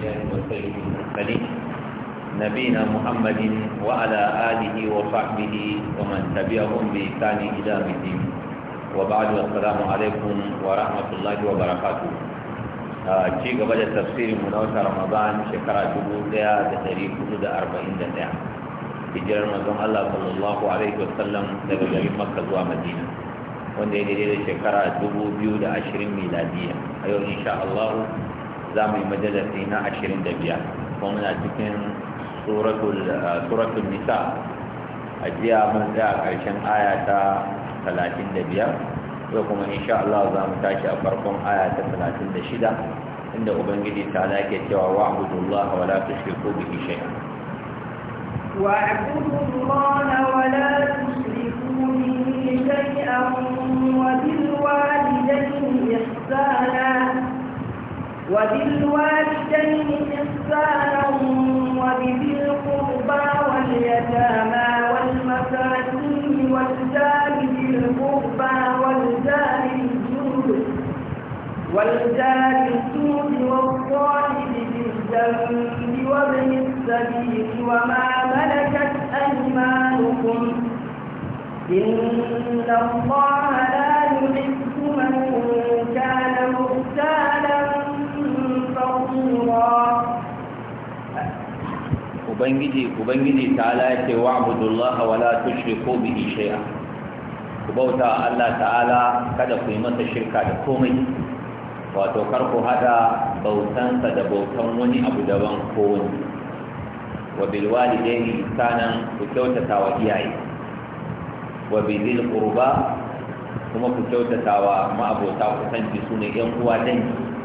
الأنبياء والسيد المرسلين نبينا محمد وعلى آله وصحبه ومن تبعهم بإحسان إلى الدين وبعد السلام عليكم ورحمة الله وبركاته ci gaba da tafsirin mu na wata Ramadan shekara 1441 hijirar manzon Allah sallallahu alaihi wasallam daga garin Makka zuwa Madina wanda ya daidai da shekara 2020 miladiya a yau insha za mu yi majalisi na ashirin da biyar kuma muna cikin suratul eh, nisa a jiya mun tsaya ƙarshen aya ta talatin da biyar yau kuma insha Allah za mu tashi a farkon aya ta talatin da shida inda ubangiji ta ke cewa wa'budullaha wa la tushriku bihi shay'a واعبدوا الله ولا تشركوا به شيئا وبالوالدين إحسانا وبالوالدين إحسانا وبذي القربى واليتامى والمساكين والجار ذي القربى والجار الجود والجار الجود والصاحب بالجنب وابن السبيل وما ملكت أيمانكم إن الله لا يحب من كان ubangiji ubangiji ta'ala ya ce wa abudullaha wala tushriku bihi shay'a ku bauta Allah ta'ala kada ku yi masa shirka da komai wato kar ku hada bautan sa da bautan wani abu daban ko wani wa bil walidaini ihsanan ku kyautata wa iyaye wa bil qurba kuma ku kyautata wa ma'abota kusanci sune yan uwa dangi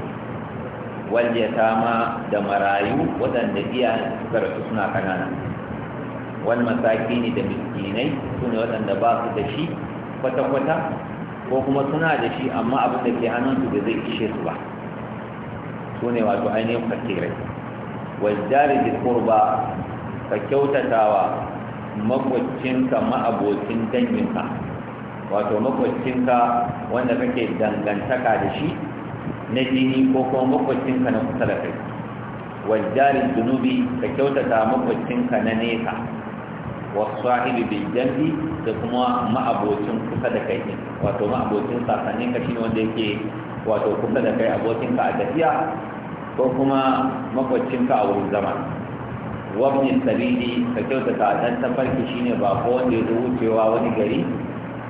ma da marayu waɗanda iya suka rasu suna kanana masaki ne da miskinai su ne waɗanda ba su da shi kwata-kwata ko kuma suna da shi amma abin da ke hannunsu da zai ishe su ba su ne wato ainihin fasirai wajdari da kurba ka kyautatawa makwacinka ma'abocin danginka wato makwacinka wanda kake dangantaka da shi na jini ko kuma makwacinka na kusa da kai waljarin zunubi ka kyautata makwacinka na nesa wasu sahibi bil jambi da kuma ma'abocin kusa da kai wato ma'abocin sasannin ka shine wanda yake wato kusa da kai abokin ka a tafiya ko kuma makwacinka a wurin zama wani sabili ka kyautata dan tafarki shine ba ko wanda ya zo wucewa wani gari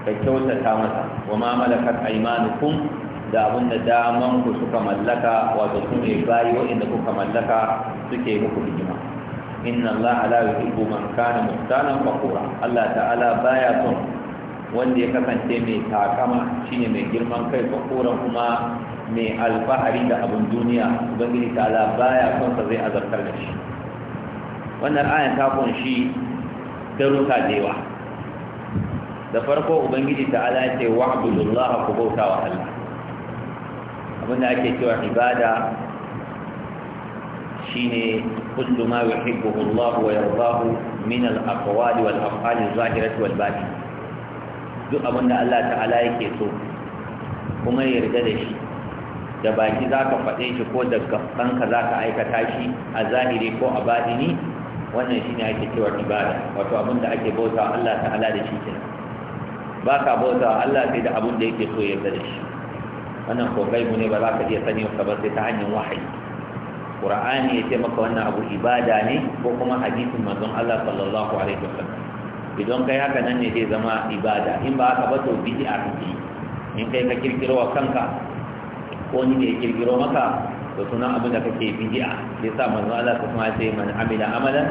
ka kyautata masa wa ma malakat aymanukum da abinda da daman ku suka mallaka wato su ne waɗanda kuka mallaka suke muku hikima inna Allah ala yuhibbu man kana muhtalan fakura Allah ta'ala baya son wanda ya kasance mai takama shine mai girman kai fakura kuma mai alfahari da abin duniya ubangiji ta'ala baya son sa zai azartar da shi wannan ayan ta kunshi daruka da yawa da farko ubangiji ta'ala ya ce wa'budullaha ku bauta wa Allah abinda ake cewa ibada shine kullu ma yuhibbuhu Allah wa yardahu min al-aqwali wal af'ali az-zahirati wal batin duk abinda Allah ta'ala yake so kuma yarda da shi da baki zaka faɗe shi ko da gabanka zaka aikata shi a zahiri ko a batini wannan shine ake cewa ibada wato abinda ake bautawa Allah ta'ala da shi kenan baka bautawa Allah sai da abinda yake so yarda da shi wannan ko gaibu ne ba za ka iya sani ka ba sai ta hanyar wahayi qur'ani ya ce maka wannan abu ibada ne ko kuma hadisin manzon Allah sallallahu alaihi wasallam idan kai haka nan ne zai zama ibada in ba haka ba to bid'a kake in kai ka kirkiro wa kanka ko ni ne kirkiro maka to sunan abin da kake bid'a sai sa manzon Allah kuma ya ce man amila amalan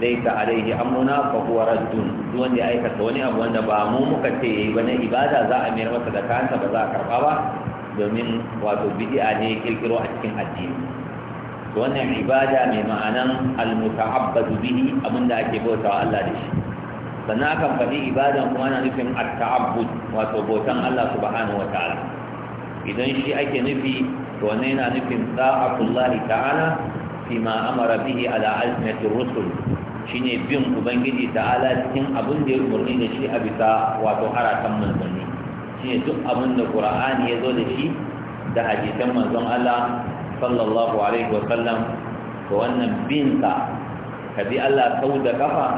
laita alaihi amruna fa huwa raddun duk wanda ya aikata wani abu wanda ba mu muka ce yayi ba na ibada za a mayar masa da kansa ba za a karba ba domin wato bid'a ne kirkiro a cikin addini wannan ibada mai ma'anan almuta'abbadu bihi abinda ake wa Allah da shi sannan akan faɗi ibadan kuma ana nufin at-ta'abbud wato bautan Allah subhanahu ta'ala. idan shi ake nufi to wannan yana nufin ta'atullah ta'ala ma amara bihi ala alsinatir rusul shine bin ubangiji ta'ala cikin abin da ya umarni da shi a bisa wato haratan manzanni shine duk abin da qur'ani ya zo da shi da hadisan manzon Allah sallallahu alaihi wa sallam to wannan binta ka bi Allah kau da kafa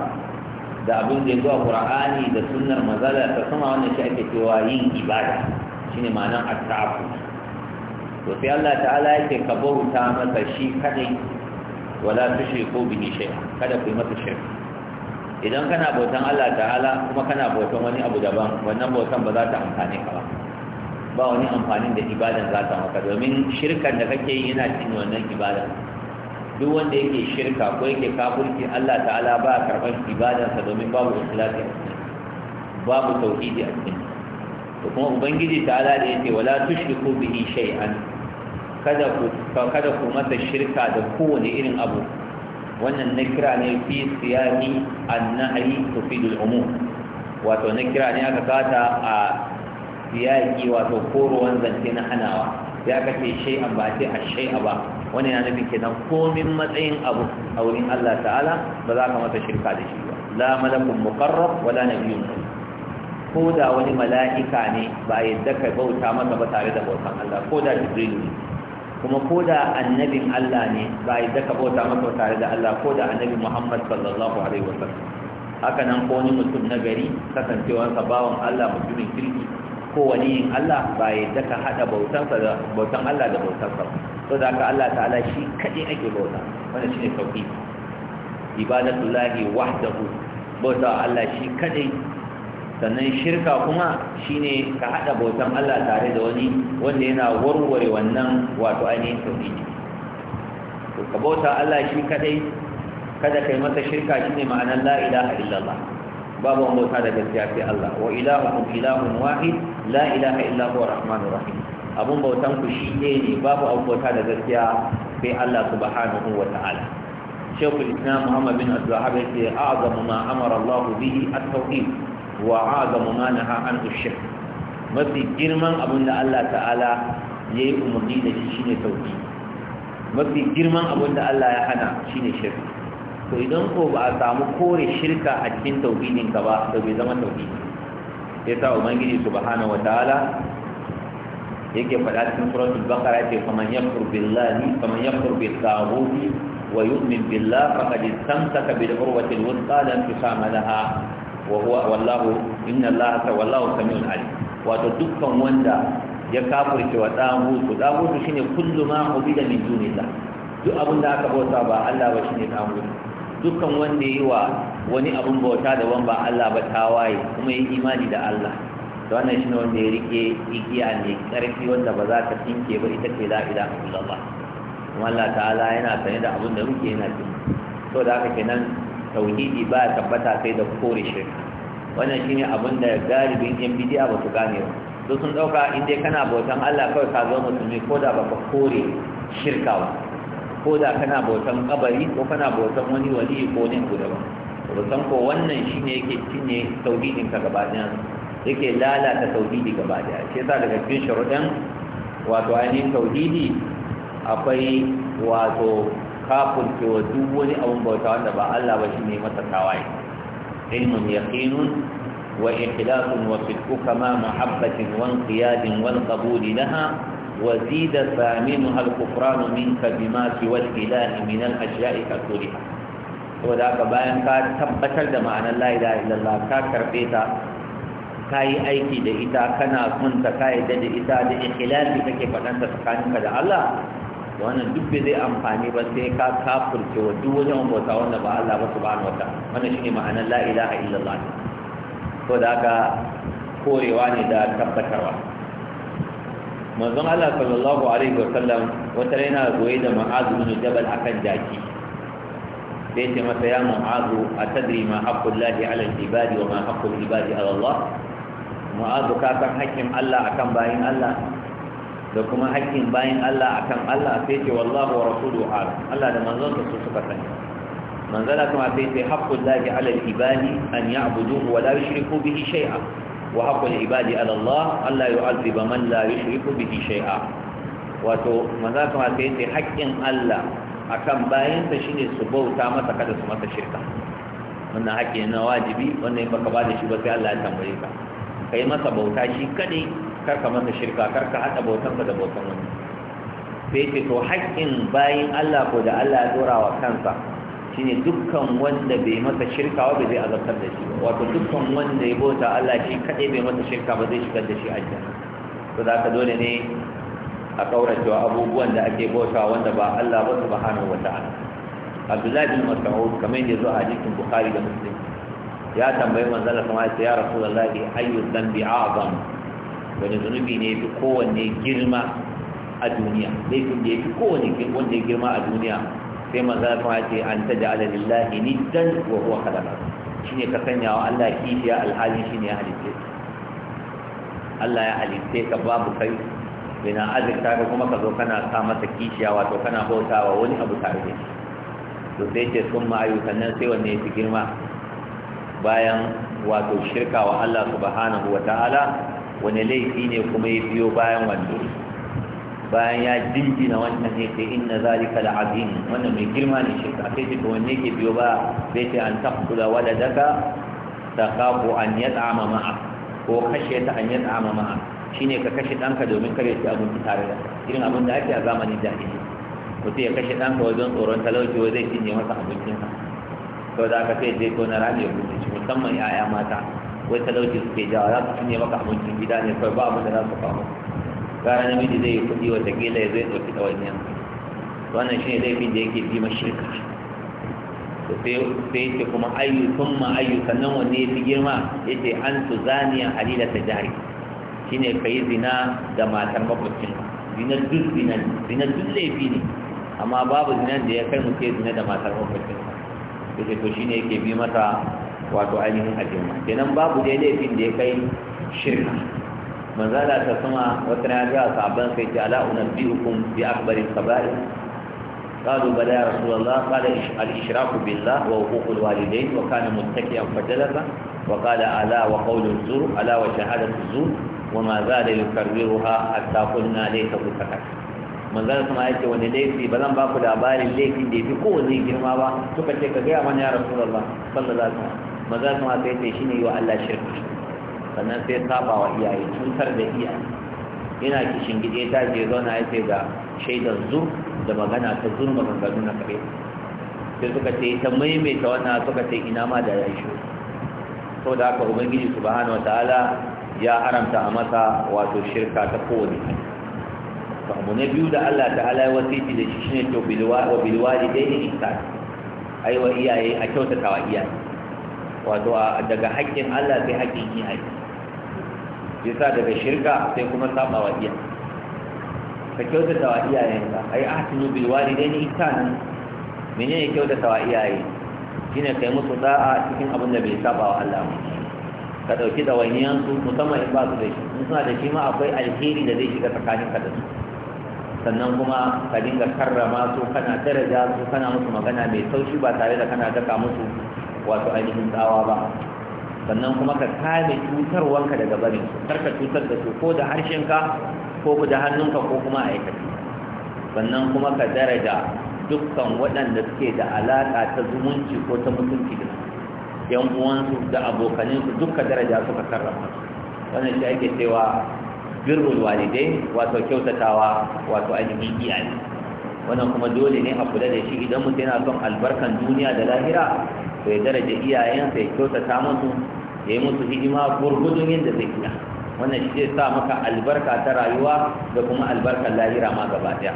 da abin da ya zo a qur'ani da sunnar manzala ta sama wannan shi ake cewa yin ibada shine ma'anar at-ta'afu to sai Allah ta'ala yake ka bauta masa shi kadai wala tushriku bihi shay'a kada ku yi masa shirka idan kana bautan Allah ta'ala kuma kana bautan wani abu daban wannan bautan ba za ta amfane ka ba ba wani amfanin da ibadan za ta maka domin shirkan da kake yi yana cin wannan ibadan duk wanda yake shirka ko yake kafirci Allah ta'ala ba karban sa domin babu ikhlasi babu tauhidi a cikin to kuma ubangiji ta'ala da yake wala tushriku bihi shay'an kada ku kada ku masa shirka da kowane irin abu wannan nakira ne fi siyami annahi tufidul umum wato nakira ne aka kata a siyaki wato koruwan zance na hanawa ya kace shay an ba ce a shay ba wani yana nufin kenan komin matsayin abu a wurin Allah ta'ala ba za ka masa shirka da shi ba la malakun muqarrab wala nabiyyun ko da wani mala'ika ne ba yadda ka bauta masa ba tare da bautan Allah ko da jibril ne kuma ko da annabin Allah ne ba a zaka bauta masa tare da Allah ko da annabin Muhammad sallallahu alaihi wasallam haka nan ko wani mutum na gari kasancewarsa bawan Allah mutumin kirki ko wani Allah ba ya zaka hada bautansa da bautan Allah da sa, to da haka Allah ta'ala shi kadai ake bauta wannan shine tauhid ibadatullahi wahdahu bauta Allah shi kadai sannan shirka kuma shine ka haɗa bautan Allah tare da wani wanda yana warware wannan wato ainihin tauhidi to ka bauta Allah shi kadai kada kai masa shirka shine ma'anar la ilaha illallah babu wani bauta da gaskiya sai Allah wa ilahukum ilahun wahid la ilaha illa huwa rahmanur rahim abun bautan ku shi ɗaya ne babu abu bauta da gaskiya sai Allah subhanahu wa ta'ala شيخ الإسلام محمد بن عبد الوهاب يقول ma ما أمر الله به التوحيد wa azamu ma naha an ushrik mafi girman abin da Allah ta'ala ya yi umarni da shi shine tauhi mafi girman abin da Allah ya hana shine shirka to idan ko ba a samu kore shirka a cikin tauhidin ka ba to bai zama tauhidi sa ubangiji subhanahu wataala yake faɗa cikin suratul baqara ce faman yakfur billahi faman yakfur bi taghuti wa yu'min billah faqad istamsaka bil urwati al-wuthqa la inqisama laha wa huwa wallahu inna allaha wallahu samiul alim wato dukkan wanda ya kafirce wa dahutu dahutu shine kullu ma ubida min dunillah duk abin da aka bauta ba Allah ba shine dahutu dukkan wanda yi wa wani abin bauta da wanda Allah ba tawaye kuma yi imani da Allah to wannan shine wanda ya rike igiya ne karfi wanda ba za ta tinke ba ita ce la ilaha illallah kuma Allah ta'ala yana sanye da abin da muke yana cikin to da haka kenan tauhidi ba ya tabbata sai da kore shirka wannan shine abin da galibin yan bidiya ba su gane ba su sun dauka in dai kana bautan Allah kawai ka zo musulmi ko da baka kore shirka ba ko da kana bautan kabari ko kana bautan wani wali ko wani guda ba san ko wannan shine yake cinye tauhidin ka gaba ɗaya yake lalata tauhidi gaba ɗaya shi yasa daga cikin sharuɗan wato ainihin tauhidi akwai wato kafurce wa duk wani abun bauta wanda ba Allah ba shi ne masa tawaye ilmun yaqinun wa ikhlasun wa sidquka ma muhabbatin wa inqiyadin wal qabul laha wa zida thaminuha al minka bima siwa al min al ashya'i To saboda ka bayan ka tabbatar da ma'anar la ilaha illallah ka karbe ta ka yi aiki da ita kana kunta ka yi da ita da ikhlasi kake faɗanta tsakaninka da Allah wannan duk bai zai amfani ba sai ka kafurce wa duk wajen bauta wanda ba Allah ba subhanahu wata wannan shine ma'anar la ilaha illallah ko da haka korewa ne da tabbatarwa manzon Allah sallallahu alaihi wa sallam wata yana goye da ma'azu bin jabal akan jaki sai ce masa ya mu'azu atadri ma haqqullahi ala al-ibadi wa ma haqqul ibadi ala Allah mu'azu ka san hakkin Allah akan bayin Allah da kuma haƙƙin bayan Allah akan Allah sai ce wallahu wa rasuluhu alam Allah da manzon sa su suka sani manzala kuma sai ce haqqul lahi ala al ibadi an ya'buduhu wa la yushriku bihi shay'a wa haƙƙun ibadi ala Allah alla yu'adhiba man la yushriku bihi shay'a wato manzala kuma sai ce haƙƙin Allah akan bayan sa shine su bauta masa kada su masa shirka wannan haƙƙi na wajibi wannan in baka ba da shi ba sai Allah ya tambaye ka kai masa bauta shi kadai kar ka masa shirka kar ka haɗa bautanka da bautan wani sai ce to haƙƙin bayin Allah ko da Allah ya dora wa kansa shine dukkan wanda bai masa shirka ba zai azabtar da shi wato dukkan wanda ya bauta Allah shi kaɗai bai masa shirka ba zai shigar da shi aljanna to za ka dole ne a ƙauracewa abubuwan da ake bauta wanda ba Allah ba wata ana? Abdullahi bin Mas'ud kamar yadda zuwa hadisin Bukhari da Muslim ya tambayi manzon Allah ya rasu ya Rasulullahi ayyu dhanbi a'zam wani zunubi ne fi kowanne girma a duniya laifin da ya fi kowanne wanda ya girma a duniya sai maza kuma ce an ta da ala ni dan wa huwa khalaqa shine ka sanya wa Allah kishiya alhali ne ya halitte Allah ya halitte ka babu kai bina azirta ka kuma ka zo kana sa masa kishiya wato kana bautawa wani abu tare da shi to sai ce sun ma'ayu sannan sai wanne ya fi girma bayan wato shirka wa Allah subhanahu wa ta'ala wani laifi ne kuma ya biyo bayan wanda bayan ya dingina wannan ne sai inna zalika al'azim wannan mai girma ne shi kai shi to wanne ke biyo ba zai ce an taqula waladaka taqafu an yad'ama ma'a ko kashe ta an yad'ama ma'a shine ka kashe danka domin kare shi abinci tare da irin abin da ake a zamanin Ko sai ya kashe danka wajen tsoron talauci wa zai cinye masa abincinsa to da aka sai dai ko na rami ya buɗe shi musamman 'ya'ya mata wai talauci suke jawa za su cinye maka abincin gida ne kawai ba abin da za su kawo gara namiji zai yi kuɗi wata kila ya zai ɗauki ɗawainiya wannan shi ne laifin da yake bi mashirka sai yake kuma ayyukan ma ayyukan nan wanne ya fi girma ya ce an su zaniya halila ta jari shi ne ka yi zina da matar makwacin zina duk zinar zina duk laifi ne amma babu zinan da ya kai mu ke zina da matar makwacin ya ce to shi ne yake bi masa wato ainihin al'umma kenan babu dai laifin da ya kai shirka manzala ta sama wata rana ga sabon sai ce ala unabbiukum bi akbari kabari قالوا بلى يا رسول الله قال الاشراك بالله وحقوق الوالدين وكان متكئا فجلس وقال الا وقول الزور الا وشهاده الزور وما زال يكررها حتى قلنا ليس بسكت manzara kuma ya ce wani laifi ba zan ba ku labarin laifin da ya fi kowane girma ba suka ce ka gaya mana ya rasu Allah sallallahu alaihi wasallam maza kuma sai ce ne yi wa Allah shirka sannan sai saba wa iyaye cutar da iyaye yana kishin gide ta je zauna ya ce ga shaidar zu da magana ta zu maganganu na kare sai suka ce ta maimaita wannan suka ce ina ma da ya yi shi so da haka ubangiji wa ta'ala ya haramta a masa wato shirka ta kowane abu na biyu da Allah ta'ala ya wasiti da shi shine to bilwa wa da dai ne ta ai wa iyaye a kyautata wa iyaye wato daga haƙƙin Allah sai haƙƙin iyaye yasa daga shirka sai kuma saba wa iyaye ka kyautata wa ka ai ahsinu bil walidaini ihsanan menene kyautata wa iyaye shine kai musu da'a cikin abin da bai saba wa Allah ba ka dauki dawainiyan su musamman in ba su da shi in suna da shi ma akwai alheri da zai shiga tsakanin ka da su sannan kuma ka dinga karrama su kana daraja su kana musu magana mai sauki ba tare da kana daka musu wato ainihin tsawa ba sannan kuma ka kame cutarwanka daga barin karka cutar da su ko da harshenka ko da hannunka ko kuma aikata sannan kuma ka daraja dukkan waɗanda suke da alaƙa ta zumunci ko ta mutunci da yan uwansu da abokaninsu dukka daraja suka karrama wannan shi ake cewa birrul walidai wato kyautatawa wato ainihin iyali wannan kuma dole ne a kula da shi idan mutum yana son albarkan duniya da lahira to ya daraja iyayensa ya kyautata musu ya yi musu hidima gurgudun yadda zai iya wannan shi zai sa maka albarka ta rayuwa da kuma albarkar lahira ma gaba daya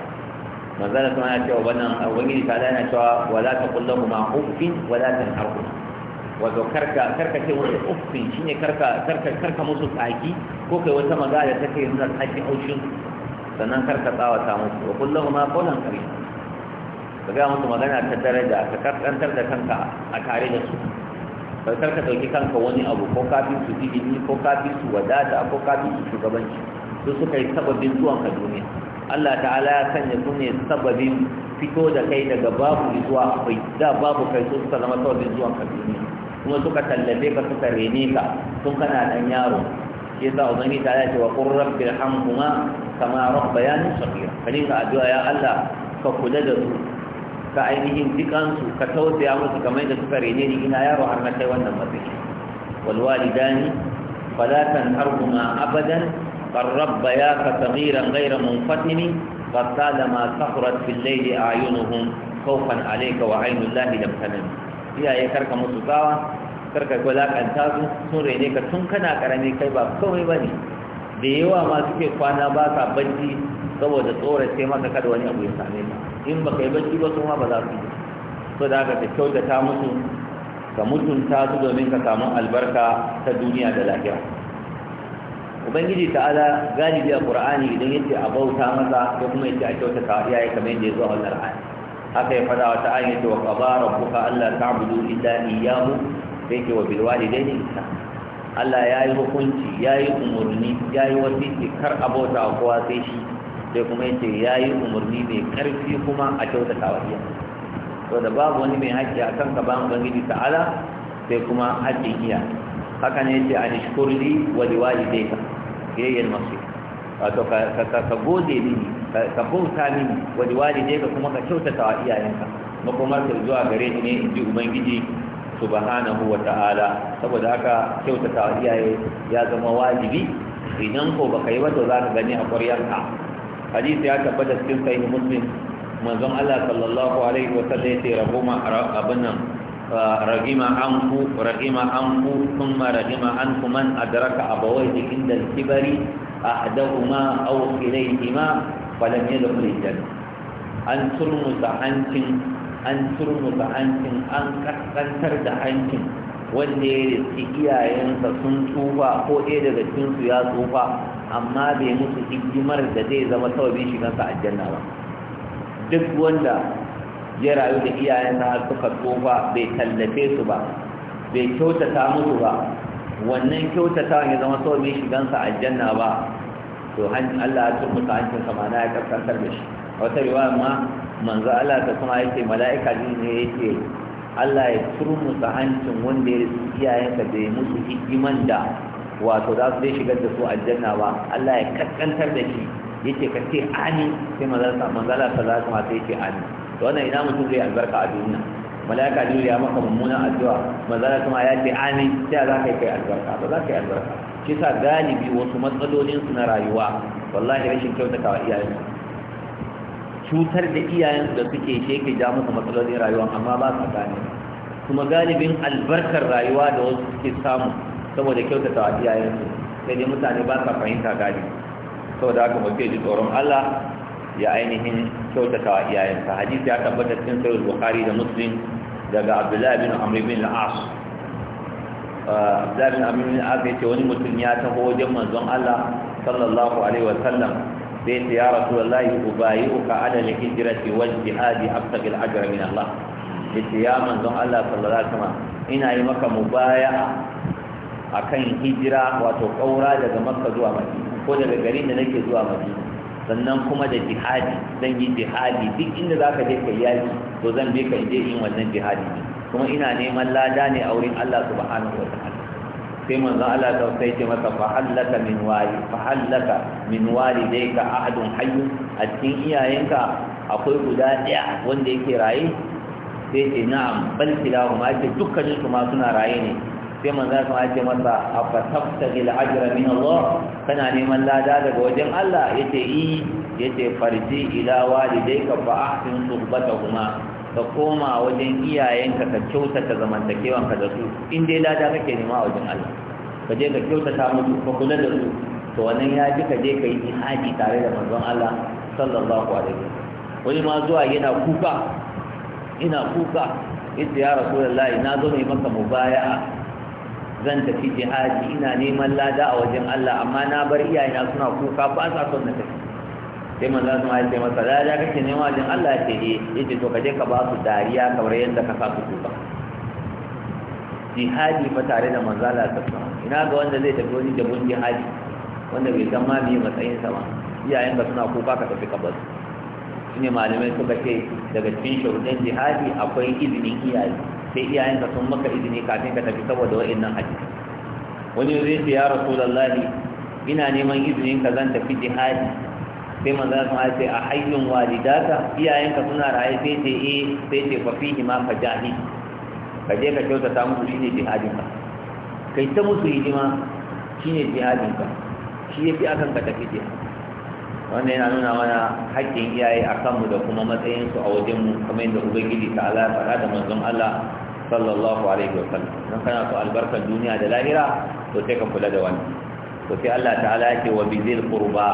manzala kuma ya ce wa wannan ubangiji ta yana cewa wala ta kullahu ma uffin wala tanharhuma wato karka karka ce wani uffin shine karka karka karka musu tsaki ko kai wata magana da take nuna tsaki aushin sannan karka tsawata musu wa kullahu ma qawlan karim ka gaya musu magana ta daraja ka karkantar da kanka a tare da su kar ka ɗauki kanka wani abu ko kafin su ilimi ko kafin su wadata ko kafin su shugabanci su suka yi sababin zuwan ka duniya Allah ta'ala ya sanya su ne sababin fito da kai daga babu zuwa akwai da babu kai su suka zama sababin zuwan ka duniya kuma suka tallafe ka suka rene ka tun kana dan yaro shi yasa ubangi ta ya ce wa qur rabbi irhamhuma kama rabbayani saghira kadin ka addu'a ya Allah ka kula da su ka ainihin dukansu ka tausaya musu kamar da suka rene ni ina yaro har na kai wannan matsayi wal walidani fala tanharhuma abadan qad rabbayaka saghiran ghayra munfatini qad talama sahrat fil layli a'yunuhum khawfan alayka wa aynu llahi lam tanam iyaye karka musu tsawa karka gwalakanta su sun rene ka tun kana karami kai ba kawai bane da yawa ma suke kwana ba sa bacci saboda tsorace maka kada wani abu ya same ka in ba ka yi bacci ba su ma ba za su yi so da haka ka kyautata musu ka mutunta su domin ka samu albarka ta duniya da lahira ubangiji ta'ala galibi a qur'ani idan yake a bauta masa ko kuma yake a kyautata iyaye kamar yadda ya zo a wannan ayat haka ya fada wata ayat yace wa qadara rabbuka alla ta'budu illa iyyahu sai ke wa bil Allah ya yi hukunci ya yi umarni ya yi wasiki kar a kowa sai shi sai kuma yace ya yi umarni mai karfi kuma a kyautata wa iya to da babu wani mai haƙƙi kan ka ba ubangiji ta'ala sai kuma haƙƙin iya haka ne yace an shkurli wa liwalidayka ilayya al masu wato ka gode mini ka bauta mini wa ka kuma ka kyautata wa iyayenka makomar zuwa gare ni ne inji ji ubangiji subhanahu wa ta'ala saboda haka kyautata wa iyaye ya zama wajibi idan ko baka yi ba to za ka gani a ka. hadisi ya tabbata cikin sahih muslim manzon Allah sallallahu alaihi wa sallam yace rahuma abin nan rahima anku rahima anku thumma rahima anku man adraka abawayhi inda al-kibari ahdahuma aw ilayhima falam yadkhul al-jannah an turmuta hancin an turmuta hancin an kaskantar da hancin wanda ya riski iyayensa sun tsufa ko ɗaya daga cikinsu ya tsufa amma bai musu hidimar da zai zama sababin shigansa aljanna ba duk wanda ya rayu da iyayensa har suka tsufa bai tallafe su ba bai kyautata musu ba wannan kyautata ya zama sababin shigansa aljanna ba to Allah ya ta hancin samana ya kasantar da shi a wata riwaya ma manzo Allah ta kuma yake mala'ika ne yake Allah ya turmusa hancin wanda ya risu iyayensa da ya musu hikiman da wato za su zai shigar da su aljanna ba Allah ya kaskantar da shi ya ce ka ce ani sai manzala manzala za alaihi wasallam sai yace ani to wannan ina mutum zai albarka a duniya malaika jibril ya maka mummunan addu'a manzala ma ya ce ani sai za ka kai albarka ba za ka yi albarka shi sa galibi wasu matsalolinsu na rayuwa wallahi rashin wa iyayensu cutar da iyayen da suke sheke ja musu matsalolin rayuwa amma ba su gane kuma galibin albarkar rayuwa da wasu suke samu saboda kyautata wa iyayensu sai dai mutane ba sa fahimta galibi saboda haka mutum ji tsoron Allah ya ainihin kyautata wa iyayensa hadisi ya tabbata cikin sahih bukhari da muslim daga abdullahi bin amr bin al-as uh, abdullahi bin amr bin al-as yace wani mutum ya taho wajen manzon Allah sallallahu alaihi wa sallam sai ce ya rasulullahi ubayyuka ala al-hijrati wal jihadi abtaqi al-ajra min Allah yace ya manzon Allah sallallahu alaihi wasallam ina yi maka mubaya'a akan hijira wato kaura daga Makka zuwa Madina ko daga garin da nake zuwa Madina sannan kuma da jihadi zan yi jihadi duk inda zaka je kai yaki to zan bi ka je yin wannan jihadi kuma ina neman lada ne a wurin Allah subhanahu wa ta'ala sai manzo Allah ta sai ce masa fa hallaka min wali fa hallaka min walidayka ahadun hayy a cikin iyayenka akwai guda daya wanda yake raye sai ce na'am bal kilahu ma ce dukkanin su ma suna raye ne sai manzo Allah ya ce masa afa tabtagil ajra min Allah kana neman lada daga wajen Allah yace i eh. yace farji ila walidayka fa ahsin suhbatahuma ka koma wajen iyayenka ka kyautata zamantakewanka da su in dai lada kake nema a wajen Allah ka je ka kyautata musu ka kula da su to wannan ya ji ka je ka yi jihadi tare da manzon Allah sallallahu alaihi wani ma zuwa yana kuka ina kuka idda ya rasulullahi na zo ne maka mubaya'a zan tafi jihadi ina neman lada a wajen Allah amma na bar iyayena suna kuka ba sa son na tafi sai manzo sun ayi masa da ya kake nema jin Allah ce eh yace to kaje ka ba su dariya kamar yadda ka sa su kuka jihadi fa tare da manzo Allah ta sa ina ga wanda zai tafi wani jabun jihadi wanda bai san ma me matsayin sa ba iyayen ka suna kuka ka tafi ka bar shine malamai suka ce daga cikin shuruɗin jihadi akwai izinin iyaye sai iyayen ka sun maka izini kafin ka tafi saboda wa'annan hadisi wani zai ce ya rasulullahi ina neman izinin ka zan tafi jihadi sai manzo ya ce a hayyun walidata iyayenka suna raye sai ce eh sai ce fa fihi ma jahi ka je ka kyautata musu shine jihadin ka kai ta musu hidima shine jihadin ka shi yafi akan ka tafi jihad wannan yana nuna mana haƙƙin iyaye a kanmu da kuma matsayinsu a wajenmu kamar yadda ubangiji ta ala faɗa da manzon allah sallallahu alaihi wa sallam don kana so albarkar duniya da lahira to sai ka kula da wannan to sai allah ta'ala ya ce wa bizil qurba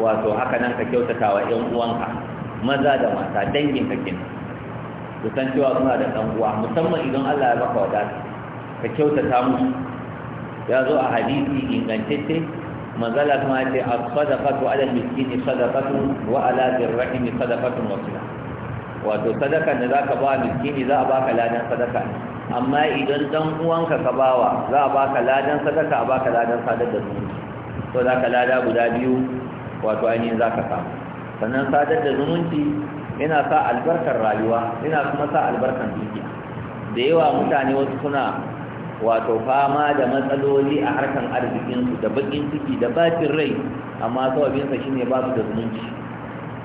wato haka nan ka kyautata wa ƴan uwanka maza da mata dangin ka kenan Ku san cewa suna da ɗan uwa musamman idan Allah ya baka wadata ka kyautata musu ya zo a hadisi ingantacce manzala kuma ya ce a sadaqatu ala miskini sadaqatu wa ala dirrahimi sadaqatun wasila wato sadakan da zaka ba miskini za a baka ladan sadaka amma idan dan uwanka ka bawa za a baka ladan sadaka a baka ladan sadaka da zumunci to zaka lada guda biyu wato ainihin za ka samu sannan sadar da zumunci yana sa albarkar rayuwa yana kuma sa albarkar dukiya da yawa mutane wasu suna wato fama da matsaloli a harkar arzikinsu da bakin ciki da bacin rai amma sababinsa shi ne su da zumunci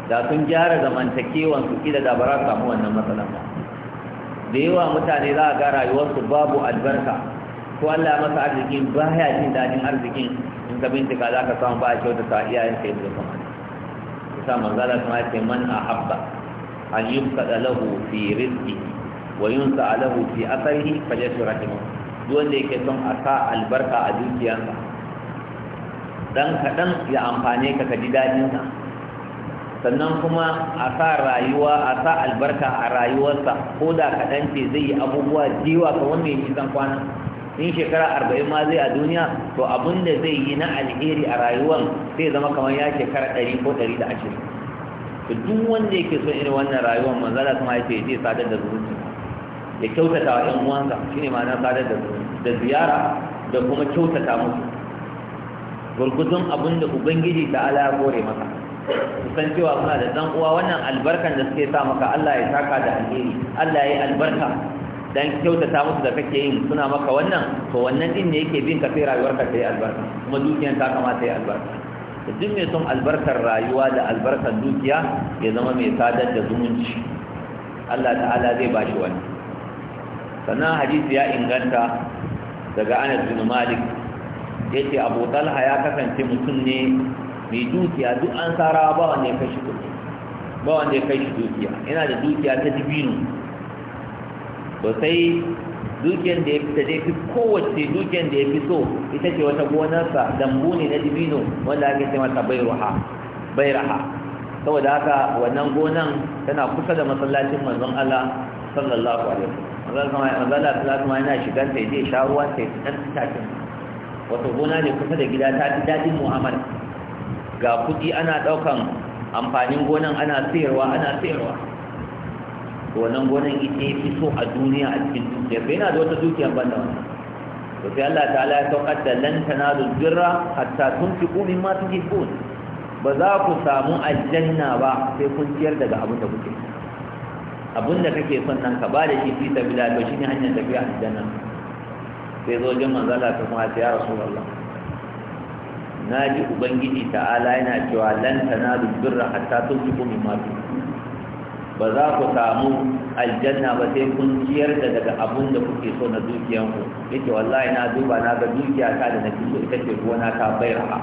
da sun gyara zamantakewansu kila da ba za su samu wannan matsalan ba da yawa mutane za a ga rayuwarsu babu albarka ko Allah masa arzikin ba ya jin daɗin arzikin ka bincika za ka samu ba a iya iyayen ka yadda kuma isa manzala kuma ya ce man ahabba an yufsada lahu fi rizqi wa yunsa lahu fi asarihi falyashkur rahimu. duk wanda yake son a sa albarka a dukiyansa dan kaɗan ya amfane ka ka ji daɗinsa sannan kuma a sa rayuwa a sa albarka a rayuwarsa ko da kaɗan ce zai yi abubuwa jiwa ka wani yi nisan kwana in shekara arba'in ma zai a duniya to abin da zai yi na alheri a rayuwar zai zama kamar ya shekara ɗari ko ɗari da ashirin to duk wanda yake son irin wannan rayuwar manzala kuma ya ce zai sadar da zuci, ya kyautata wa ƴan uwansa shine ma'ana sadar da zuci, da ziyara da kuma kyautata musu gurgudun abin da ubangiji ta ala ya kore maka kusan cewa suna da ɗan uwa wannan albarkan da suke sa maka Allah ya saka da alheri Allah ya yi albarka dan kyautata musu da kake yin suna maka wannan to wannan din ne yake bin ka sai rayuwarka ta yi albarka kuma dukiyar ta kama ta yi albarka duk mai son albarkar rayuwa da albarkar dukiya ya zama mai sadar da zumunci Allah ta'ala zai ba shi wani sannan hadisi ya inganta daga Anas bin Malik yace Abu Talha ya kasance mutum ne mai dukiya duk an sarawa ba wanda ya kai shi ba wanda ya kai dukiya yana da dukiya ta dibinu to sai dukiyar da ya fi dai fi kowace dukiyar da ya fi so ita ce wata gonarsa dambu ne na dibino wanda ake ce mata bairaha saboda haka wannan gonan tana kusa da masallacin manzon Allah sallallahu alaihi wasallam manzon Allah kuma yana shigan ta je sha ruwa ta dan takin wato gona ne kusa da gida ta fi dadin mu'amala ga kuɗi ana ɗaukan amfanin gonan ana sayarwa ana sayarwa to wannan gonan ita ya fi so a duniya a cikin dukiya bai na da wata dukiya ban da wannan to sai Allah ta'ala ya saukar da lan tanalu birra hatta tunfiqu mimma tuhibbun ba za ku samu aljanna ba sai kun ciyar daga abin da kuke abin da kake son nan ka ba da shi fi sabila to ne hanyar tafiya aljanna sai zo jin manzala ta kuma ya Allah. na ji ubangiji ta'ala yana cewa lan tanalu birra hatta tunfiqu mimma tuhibbun ba za ku samu aljanna ba sai kun ciyar da daga abun da kuke so na dukiyanku yake wallahi na duba na ga dukiya ta da nake so ita ce gona ta ha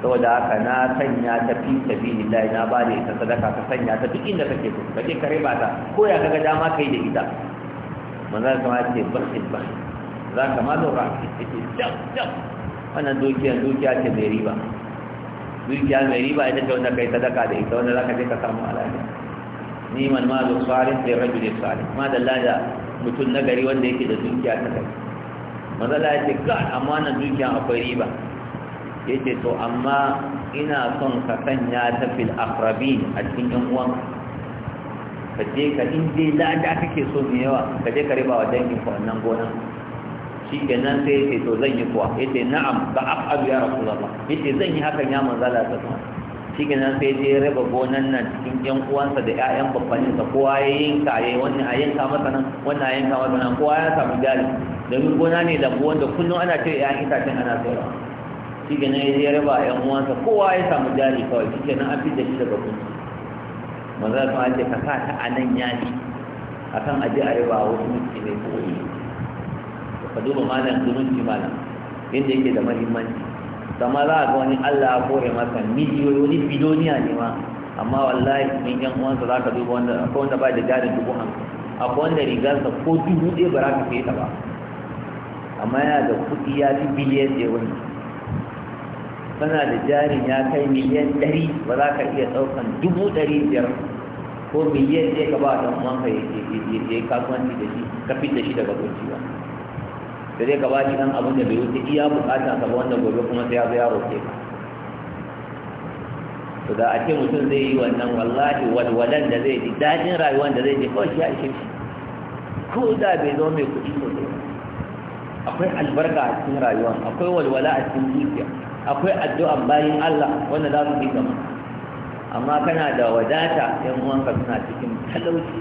saboda haka na sanya ta fi sabilillah na ba da ita sadaka ka sanya ta duk inda kake so je ka riba ta ko ya kaga dama kai da ita manzon kama ce bakhil ba za ka ma lura ita jam jam wannan dukiya dukiya ce mai riba dukiya mai riba ita ce wanda kai sadaka da ita wanda za ka je ka samu alaƙa niman malu salih da rajul salih ma da lada mutum na gari wanda yake da dukiya ta kai manzala ya ce ka amma na dukiya akwai riba Ya ce to amma ina son ka sanya ta fil aqrabin a cikin yan uwan ka je ka in dai lada kake so mai yawa ka je ka riba wa dangin ka wannan gonan shi nan sai ya ce to zan yi kuwa yace na'am ba aqab ya rasulullah yace zan yi hakan ya manzala ta sallallahu shi nan sai je raba gonan nan cikin yan uwansa da ƴaƴan babbaninsa kowa ya yanka ya wannan a yanka masa nan wannan a yanka masa nan kowa ya samu jari domin gona ne da buwan wanda kullum ana cire ƴaƴan itacen ana sayarwa shi nan ya je raba ƴan uwansa kowa ya samu jari kawai shi nan an fi da shi daga kun maza sun ce ka sa ta a nan yaji kan aje a raba wasu mutum ne ko wani ka duba malam zumunci malam yadda yake da mahimmanci kama za a ga wani Allah ya kore masa miliyoyi wani biloniya ne ma amma wallahi cikin yan uwansa za ka duba wanda akwai wanda ba da jarin dubu hamsin akwai wanda rigarsa ko dubu ɗaya ba za ka fiye ta ba amma yana da kuɗi ya fi biliyan ɗaya wani kana da jarin ya kai miliyan ɗari ba za ka iya ɗaukan dubu ɗari biyar ko miliyan ɗaya ka ba ɗan uwanka ya yi kasuwanci da shi ka fi da shi daga gunci ba da zai gaba shi dan abin da bai wuce iya bukata ka wanda gobe kuma sai ya zo ya roƙe ka to da a ce mutum zai yi wannan wallahi walwalan da zai ji daɗin rayuwar da zai ji kawai shi a ishe shi ko da bai zo mai kuɗi ko sosai akwai albarka a cikin rayuwa akwai walwala a cikin zuciya akwai addu'a bayan Allah wanda za su bi gaba amma kana da wadata yan uwanka suna cikin talauci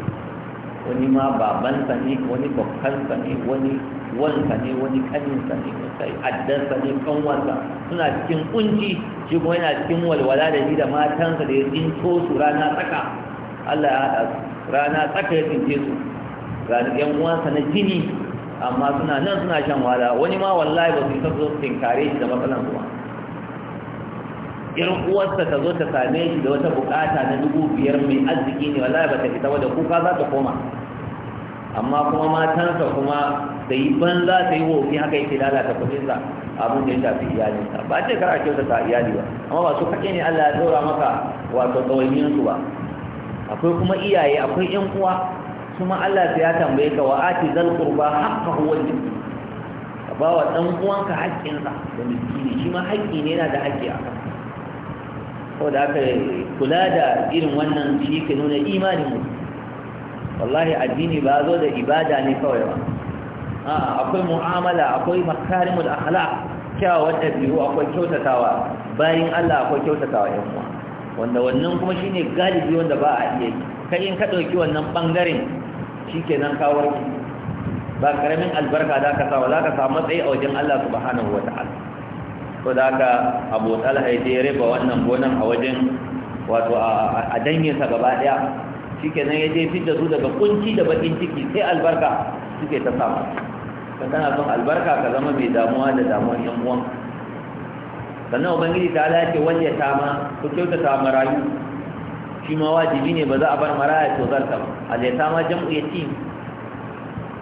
wani ma babansa ne wani babbansa ne wani wansa ne wani kaninsa ne sai addansa ne kanwansa suna cikin kunci shi kuma yana cikin walwala da shi da matansa da ya tsinto su rana tsaka Allah ya haɗa su rana tsaka ya tsince su ga yan uwansa na jini amma suna nan suna shan wala wani ma wallahi ba su yi su tinkare shi da matsalan su ba irin uwarsa ta zo ta same shi da wata bukata na dubu biyar mai arziki ne wallahi ba ta fita wadda kuka za ta koma amma kuma matansa kuma da yi banza ta yi wofi haka yake lalata kudinsa abin da ya shafi iyalinsa ba ce kar a kyautata iyali ba amma ba su kake ne Allah ya tsora maka wato ɗawainiyarsu ba akwai kuma iyaye akwai yan uwa kuma Allah sai ya tambaye ka wa ati zal qurba haqqahu ka ba wa dan uwanka haƙƙinsa da miskini shi ma haƙƙi ne yana da haƙƙi a kan saboda haka kula da irin wannan shi ke nuna imanin mutum wallahi addini ba zo da ibada ne kawai ba a akwai mu'amala akwai makarimul akhlaq kyawawan dabi'u akwai kyautatawa bayin Allah akwai kyautatawa yan uwa wanda wannan kuma shine galibi wanda ba a iya yi kai in ka dauki wannan bangaren shikenan ka warke ba karamin albarka da ka samu zaka samu matsayi a wajen Allah subhanahu wataala ko da ka Abu Talha ya riba wannan gonan a wajen wato a danyensa gaba daya Shi nan ya je da su daga kunci da bakin ciki sai albarka suke ta samu ka tana son albarka ka zama mai damuwa da damuwan yan uwan sannan ubangiji ta ala ce wanda ta ma ku kyautata marayu shi ma wajibi ne ba za a bar maraya to zarta ba ta ma jam'u ci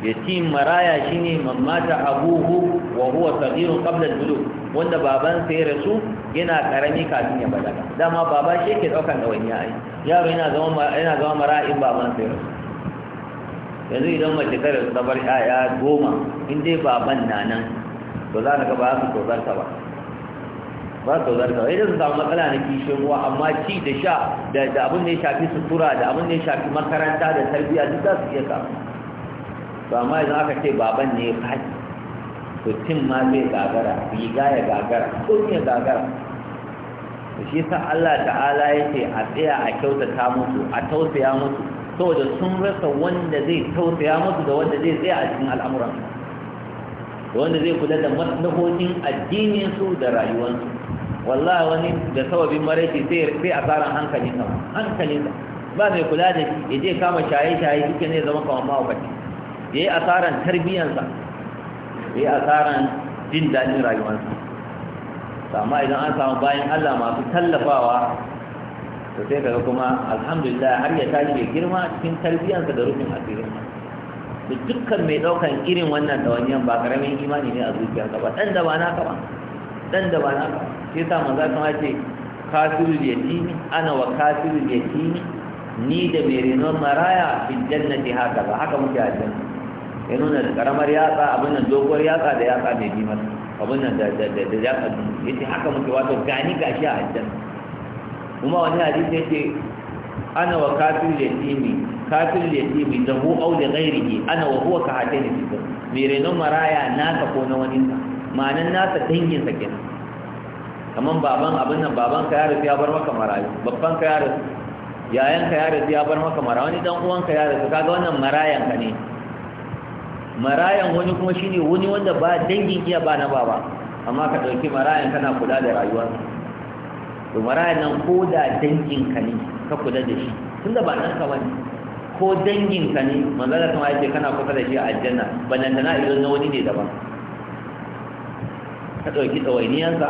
yatim maraya shine mamata abuhu wa huwa saghirun qabla al-bulugh wanda baban sai rasu yana karami kafin ya balaga dama baba shi yake daukan wani ai yaro yana zama yana zama maraya in baban sai rasu yanzu idan mace ta rasu ta bar yaya goma in dai baban na nan to za ka ba su tozarta ba ba su tozarta ba idan su samu matsala na kishin ruwa amma ci da sha da abin da ya shafi sutura da abin da ya shafi makaranta da tarbiyya duk za su iya samu to amma idan aka ce baban ne ya faɗi to cin ma zai gagara riga ya gagara ko ya gagara to shi sa Allah ta'ala ya ce a tsaya a kyautata musu a tausaya musu saboda sun rasa wanda zai tausaya musu da wanda zai tsaya a cikin al'amuran da wanda zai kula da maslahohin addinin su da rayuwarsu wallahi wani da sababin maraici sai a tsarin hankalinsa hankalinsa ba mai kula da shi ya je kama shaye-shaye duka ne zama kamar ma'aukaci ya yi asaran tarbiyyansa ya yi asaran jin daɗin rayuwarsa amma idan an samu bayan allah masu tallafawa to sai kaga kuma alhamdulillah har ya tashi ya girma cikin tarbiyyansa da rufin asirin da dukkan mai ɗaukan irin wannan ɗawanyan ba ƙaramin imani ne a zuciyarsa ba ɗan da ba naka ba ɗan da ba naka sai sa maza kama ce kafirul yatimi ana wa ya yatimi ni da mai renon maraya fi jannati haka ba haka muke a jannati ya nuna da karamar yatsa abin nan doguwar yatsa da yatsa mai bi masa abin nan da yatsa Ya yace haka muke wato gani gashi a hajjan kuma wani hadisi yace ana wa kafir yatimi kafir yatimi da hu da li ghairihi ana wa huwa ka hataini fi mai renon maraya nasa ko na wani sa ma'anan nasa dangin sa kenan kaman baban abin nan baban ka ya rasu ya bar maka marayu babban ka ya rasu yayan ka ya rasu ya bar maka marayu wani dan uwan ka ya rasu kaga wannan marayan ka ne marayan wani kuma shine wani wanda ba dangin iya ba na baba amma ka ɗauki marayan kana kula da rayuwar to marayan nan ko da dangin ka ne ka kula da shi tunda ba ka ba ne ko dangin ka ne da kuma yake kana kusa da shi a aljanna ballantana da na wani ne daban ka ɗauki tsawainiyansa,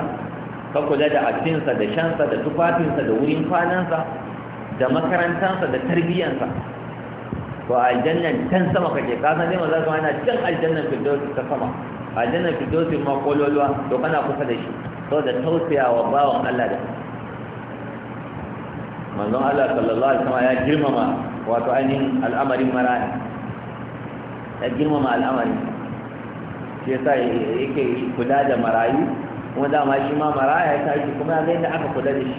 ka kula da abinsa da shansa da tufafinsa da wurin kwanansa da makarantansa da tarbiyyansa to aljannan can sama kake ka san dai maza kuma yana can aljannan firdausi ta sama aljannan firdausi ma kololuwa to kana kusa da shi saboda tausayawa bawan Allah da manzon Allah sallallahu alaihi wasallam ya girmama wato ainihin al'amarin marani ya girmama al'amarin shi yasa yake kula da marayu kuma dama shi ma maraya ya tashi kuma ya ga yadda aka kula da shi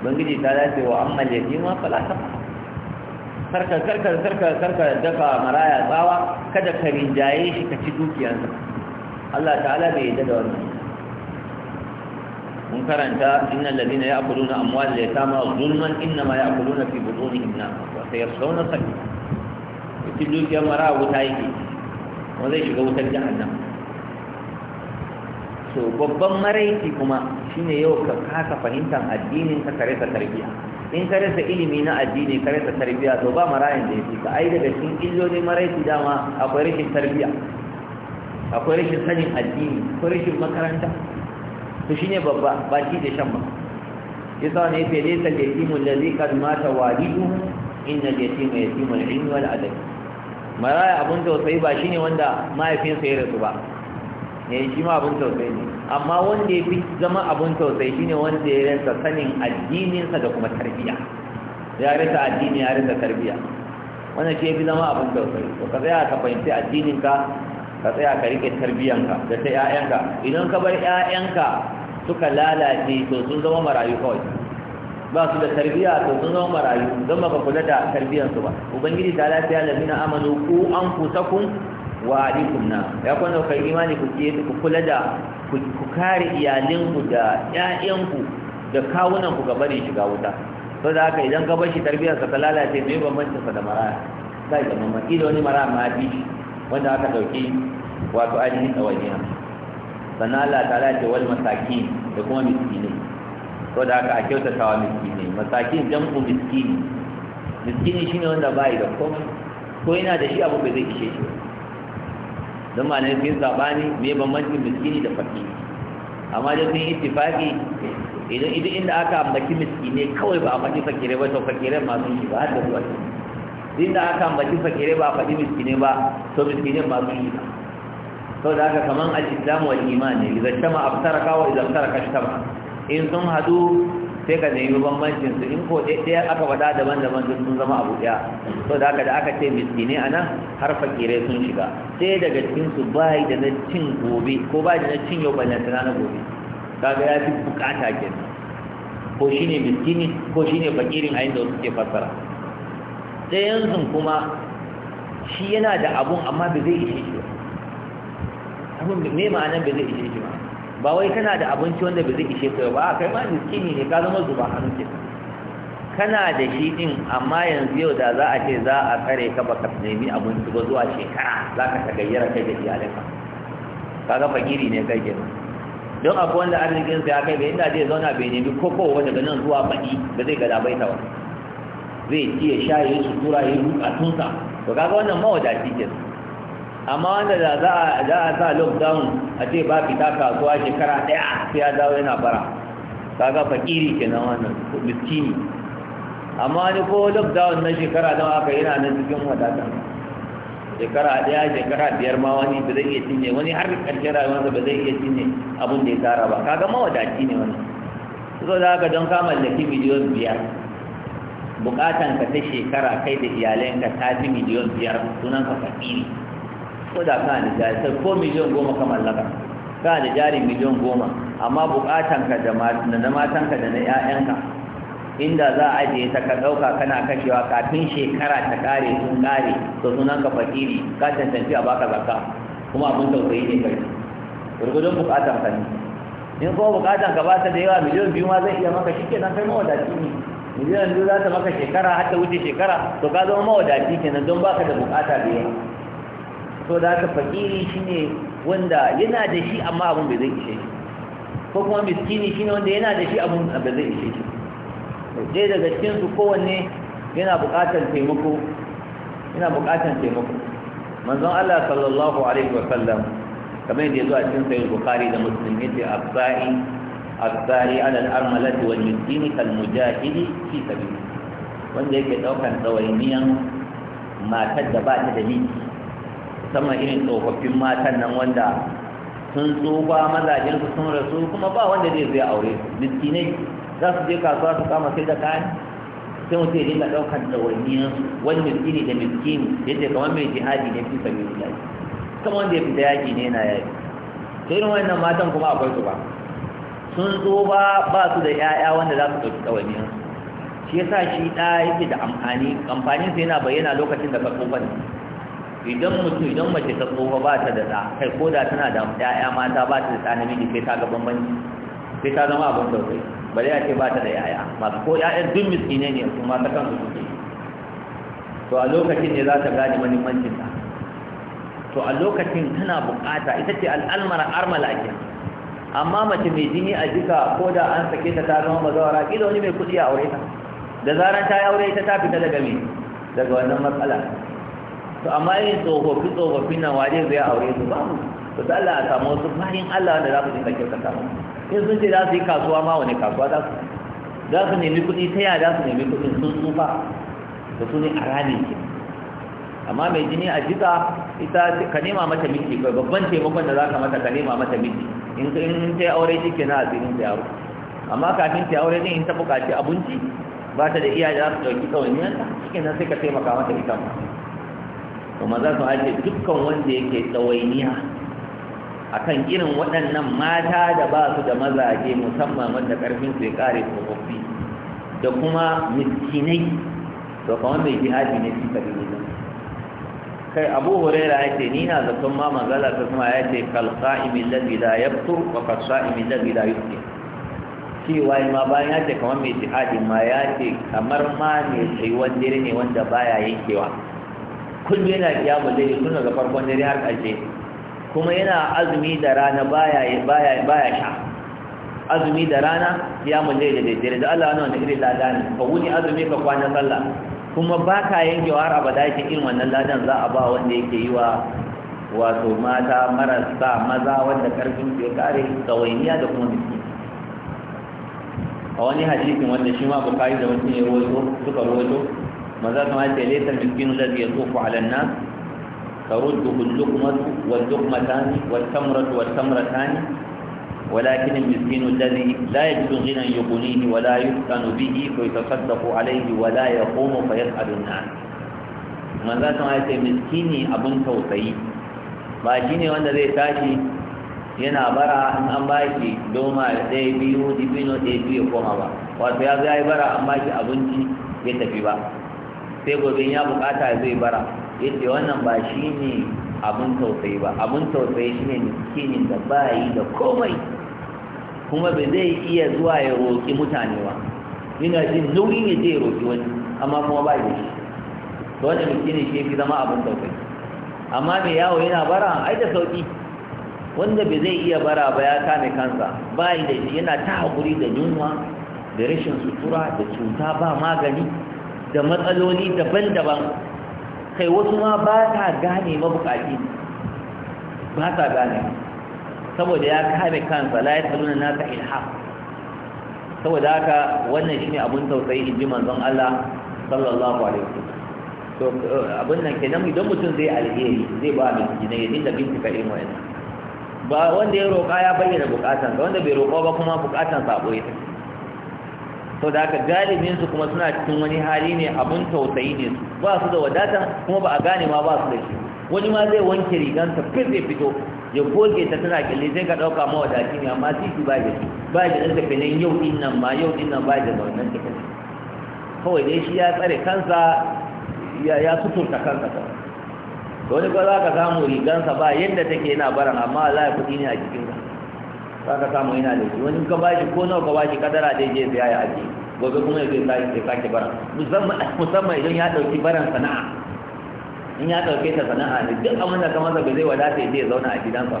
ubangiji ta dace wa amma yatima fala tafa karka karka karka karka dafa maraya tsawa kada ka rinjaye shi ka ci dukiyarsa Allah ta'ala bai yarda da wannan mun karanta innal ladina ya'kuluna amwal al-yatama zulman innama ya'kuluna fi butunihim nar wa sayaslawna sa'ira ci dukiyar maraya wuta yake wanda zai shiga wutar jahannam so babban maraiki kuma shine yau ka kasa fahimtar addinin ka kare ta tarbiya in ka rasa ilimi na addini ka rasa tarbiya to ba marayin da ya fi ka ai daga cikin illolin maraiki dama akwai rashin tarbiya akwai rashin sanin addini akwai rashin makaranta to shine babba ba da shan ba yasa ne fa laysa al-yatimu alladhi qad mata waliduhu inna al-yatima yatimu al-ilmi wal adab maraya abun da sai ba shine wanda mahaifinsa ya rasu ba ne shi ma abin tausayi ne amma wanda ya fi zama abin tausayi shine wanda ya rinsa sanin addininsa da kuma tarbiyya ya rasa addini ya rasa tarbiyya wannan shi ya fi zama abin tausayi to ka tsaya ka fahimci addininka ka tsaya ka rike tarbiyyanka da ta ƴaƴanka idan ka bar ƴaƴanka suka lalace to sun zama marayu kawai ba su da tarbiyya to sun zama marayu don ba ka kula da tarbiyyarsu ba ubangiji ta lafiya lamina amanu ku an kusakun wa alaikum na ya kwanda kai imani ku je ku kula da ku kare ku da ƴaƴanku da kawunan ku gaba ne shiga wuta to da haka idan ka bar shi tarbiyar ka lalace me bambancin sa da mara sai da mamma ido wani mara ma bi wanda aka dauki wato ainihin tsawaniya sannan Allah ta'ala ce wal masakin da kuma miskini to da haka a kyautata wa miskini masakin jam'u miskini miskini shine wanda bai da komai ko yana da shi abu bai zai ishe shi ba don malamai zaba sabani me bambancin miskini da fakir amma dai sun ittifaki idan idan inda aka ambaci miskine kawai ba a faɗi fakire ba to fakire ma sun shiga har da ruwa inda aka ambaci fakire ba a faɗi miskine ba to miskine ma sun shiga sau da haka kaman al-islam wal iman ne idan tama aftaraka wa idan taraka shtama in sun hadu sai ka nemi bambancin su in ko ɗaya aka faɗa daban-daban duk sun zama abu ɗaya to da haka da aka ce miskine a nan har fakire sun shiga sai daga cikin su bai da na cin gobe ko bai da na cin yau tana na gobe kaga ya fi bukata kenan ko shine miskine ko shine fakirin a inda suke fassara sai yanzu kuma shi yana da abun amma ba zai ishe shi ba abun me ma'anar ba zai ishe shi ba ba wai kana da abinci wanda ba zai ishe ka ba kai ma miskini ne ka zama zuba hannu ke kana da shi din amma yanzu yau da za a ce za a tsare ka baka nemi abinci ba zuwa shekara za ka gayyara kai da iyalinka Ka ga fakiri ne kai ke don akwai wanda arzikin sa ya kai bai inda zai zauna bai nemi koko wanda daga nan zuwa baki ba zai gada bai tawa zai iya sha ya yi sutura ya yi bukatunsa to kaga wannan mawadaci kenan amma wanda da za a za a sa lockdown a ce ba fita kasuwa shekara daya sai ya dawo yana bara kaga fakiri kenan wannan miskini amma ni ko lockdown na shekara nawa aka yana nan cikin wadata shekara daya shekara biyar ma wani ba zai iya cinye wani har ƙarshen rayuwarsa ba zai iya cinye abin da ya tara ba kaga mawadaci ne wannan so da haka don ka mallaki miliyon biyar bukatan ka ta shekara kai da iyalanka ta fi miliyon biyar sunan ka fakiri ko da ka da jari sai ko miliyan goma ka mallaka ka da jari miliyan goma amma ka da matanka da na 'ya'yanka inda za a je ta ka ɗauka kana kashewa kafin shekara ta kare sun kare to sunan ka fakiri ka tantance a baka zakka kuma abin tausayi ne kai gurgudun bukatan ka ne in kuma bukatan ka ba ta da yawa miliyan biyu ma zai iya maka nan kai mawadaci ne miliyan biyu za ta maka shekara har ta wuce shekara to ka zama mawadaci kenan don baka da bukata da yawa so da haka fakiri shine wanda yana da shi amma abun bai zai ishe ko kuma miskini shine wanda yana da shi abun bai zai ishe shi dai daga cikin su kowanne yana buƙatar taimako yana buƙatar taimako manzon Allah sallallahu alaihi wa sallam kamar yadda yazo a cikin sahih bukhari da muslim yace afsa'i afsa'i ala al-armalati wal miskini kal mujahidi fi sabili wanda yake daukan tsawainiyan matar da ba ta da miji musamman irin tsofaffin matan nan wanda sun tsufa mazajen su sun rasu kuma ba wanda zai zai aure ne za su je kasuwa su kama sai da kayan sai mutum ya dinga ɗaukar da wani ne, da miskini yadda kamar mai jihadi ne fi sami lillahi kuma wanda ya fita yaƙi ne na yaƙi Sai irin wannan matan kuma akwai su ba sun tsufa ba su da 'ya'ya wanda za su ɗauki ɗawainiyar shi yasa shi ɗaya yake da amfani amfanin sa yana bayyana lokacin da ka tsufa ne idan mutum idan mace ta tsoho ba ta da ɗa kai ko da tana da ƴaƴa mata ba ta da ɗa namiji sai ta ga bambanci sai ta zama abin tausayi ba zai ce ba ta da ƴaƴa masu ko ƴaƴan duk miskine ne su mata kansu suke to a lokacin ne za ta gane mahimmancin ta to a lokacin tana buƙata ita ce al'almar armala ke amma mace mai jini a jika ko da an sake ta ta zama bazawara kila wani mai kuɗi a aure ta da zaran ta yi aure ita ta fita daga me daga wannan matsala to amma yin tsofaffi tsofaffi na waje zai aure su babu to da Allah a samu wasu bayan Allah wanda za su dinga kyautata mu in sun ce za su yi kasuwa ma wani kasuwa za su za su nemi kuɗi ta yaya za su nemi kuɗin sun tsufa da su ne a ramin ke amma mai jini a jika ita ka nema mata miki kai babban taimakon da za ka mata ka nema mata miki in in ta aure shi ke na asirin ta yaro amma kafin ta aure ne in ta buƙaci abinci ba ta da iyaye za su ɗauki ɗawainiyarta shi ke nan sai ka taimaka mata ita ma kuma za su hace dukkan wanda yake tsawainiya a kan irin waɗannan mata da ba su da mazaje musamman wanda ƙarfin ya ƙare tsofaffi da kuma miskinai to kawai mai jihadi ne su kabi ne kai abu huraira ya ce ni na zaton ma manzala ta kuma ya ce ya fito la yabtur wa qasa'imin da ya yufti cewa ma bayan ya ce kamar mai jihadin ma ya ce kamar ma ne tsayuwan wanda ne wanda baya yankewa kullum yana kiyamun dare tun daga farkon dare har ƙarshe kuma yana azumi da rana baya baya baya sha azumi da rana kiyamun dare da daidai da Allah wannan irin lada ne ka wuni azumi ka kwana sallah kuma ba ka wa har abada yake irin wannan ladan za a ba wanda yake yi wa wato mata marasa maza wanda karfin ke kare tsawainiya da kuma miki a wani hadisin wanda shi ma bukari da wani ne rawaito suka rawaito maza kama ce laysa miskinu alladhi yatufu ala an-nas tarudduhu al-luqmatu wal-luqmatani wat ولكن المسكين الذي لا يجد غنى يغنيه ولا يفتن به فيتصدق عليه ولا يقوم فيسأل الناس manzo sun ya ce miskini abun tausayi ba shi ne wanda zai tashi yana bara an ba doma ɗaya biyu dibino ɗaya biyu ya koma ba wato ya zai bara an ba abinci ya tafi ba sai gobe ya bukata zai bara yadda wannan ba shi ne abin tausayi ba abin tausayi shine miskinin da ba yi da komai kuma ba zai iya zuwa ya roƙi mutane ba yana jin nauyin ya je ya roƙi wani amma kuma ba da shi to wannan miskinin shi fi zama abin tausayi amma mai yawo yana bara ai da sauki wanda bai zai iya bara ba ya kame kansa ba yi da shi yana ta haƙuri da yunwa da rashin sutura da cuta ba magani da matsaloli daban-daban kai wasu ma ba ta gane mabukaci ba ta gane saboda ya kame kansa la ya taluna nasa ilha saboda haka wannan shi ne abun tausayi ji manzon Allah sallallahu alaihi wasallam to abin nan kenan idan mutum zai alheri zai ba mai jina ya dinga bincika irin wannan ba wanda ya roƙa ya bayyana bukatansa wanda bai roƙa ba kuma bukatansa a boye take sau da aka galibinsu kuma suna cikin wani hali ne abin tausayi ne ba su da wadata kuma ba a gane ma ba su da shi wani ma zai wanke rigansa fit zai fito ya goge ta tana kyalle sai ka ɗauka wadaki ne amma titi ba da ba da ɗan nan yau ɗin nan ma yau ɗin nan ba da nan tafi kawai dai shi ya tsare kansa ya suturta kansa kawai da wani ba za ka samu rigansa ba yadda take yana baran amma za a kuɗi ne a jikinsa Ka ka samu yana da shi wani ka bashi ko nawa ka bashi kadara dai je biya ya aji gobe kuma sai zai kake baran musamman idan ya ɗauki baran sana'a in ya ɗauke ta sana'a ne duk abin da kamar ba zai wadata ya je zauna a gidansa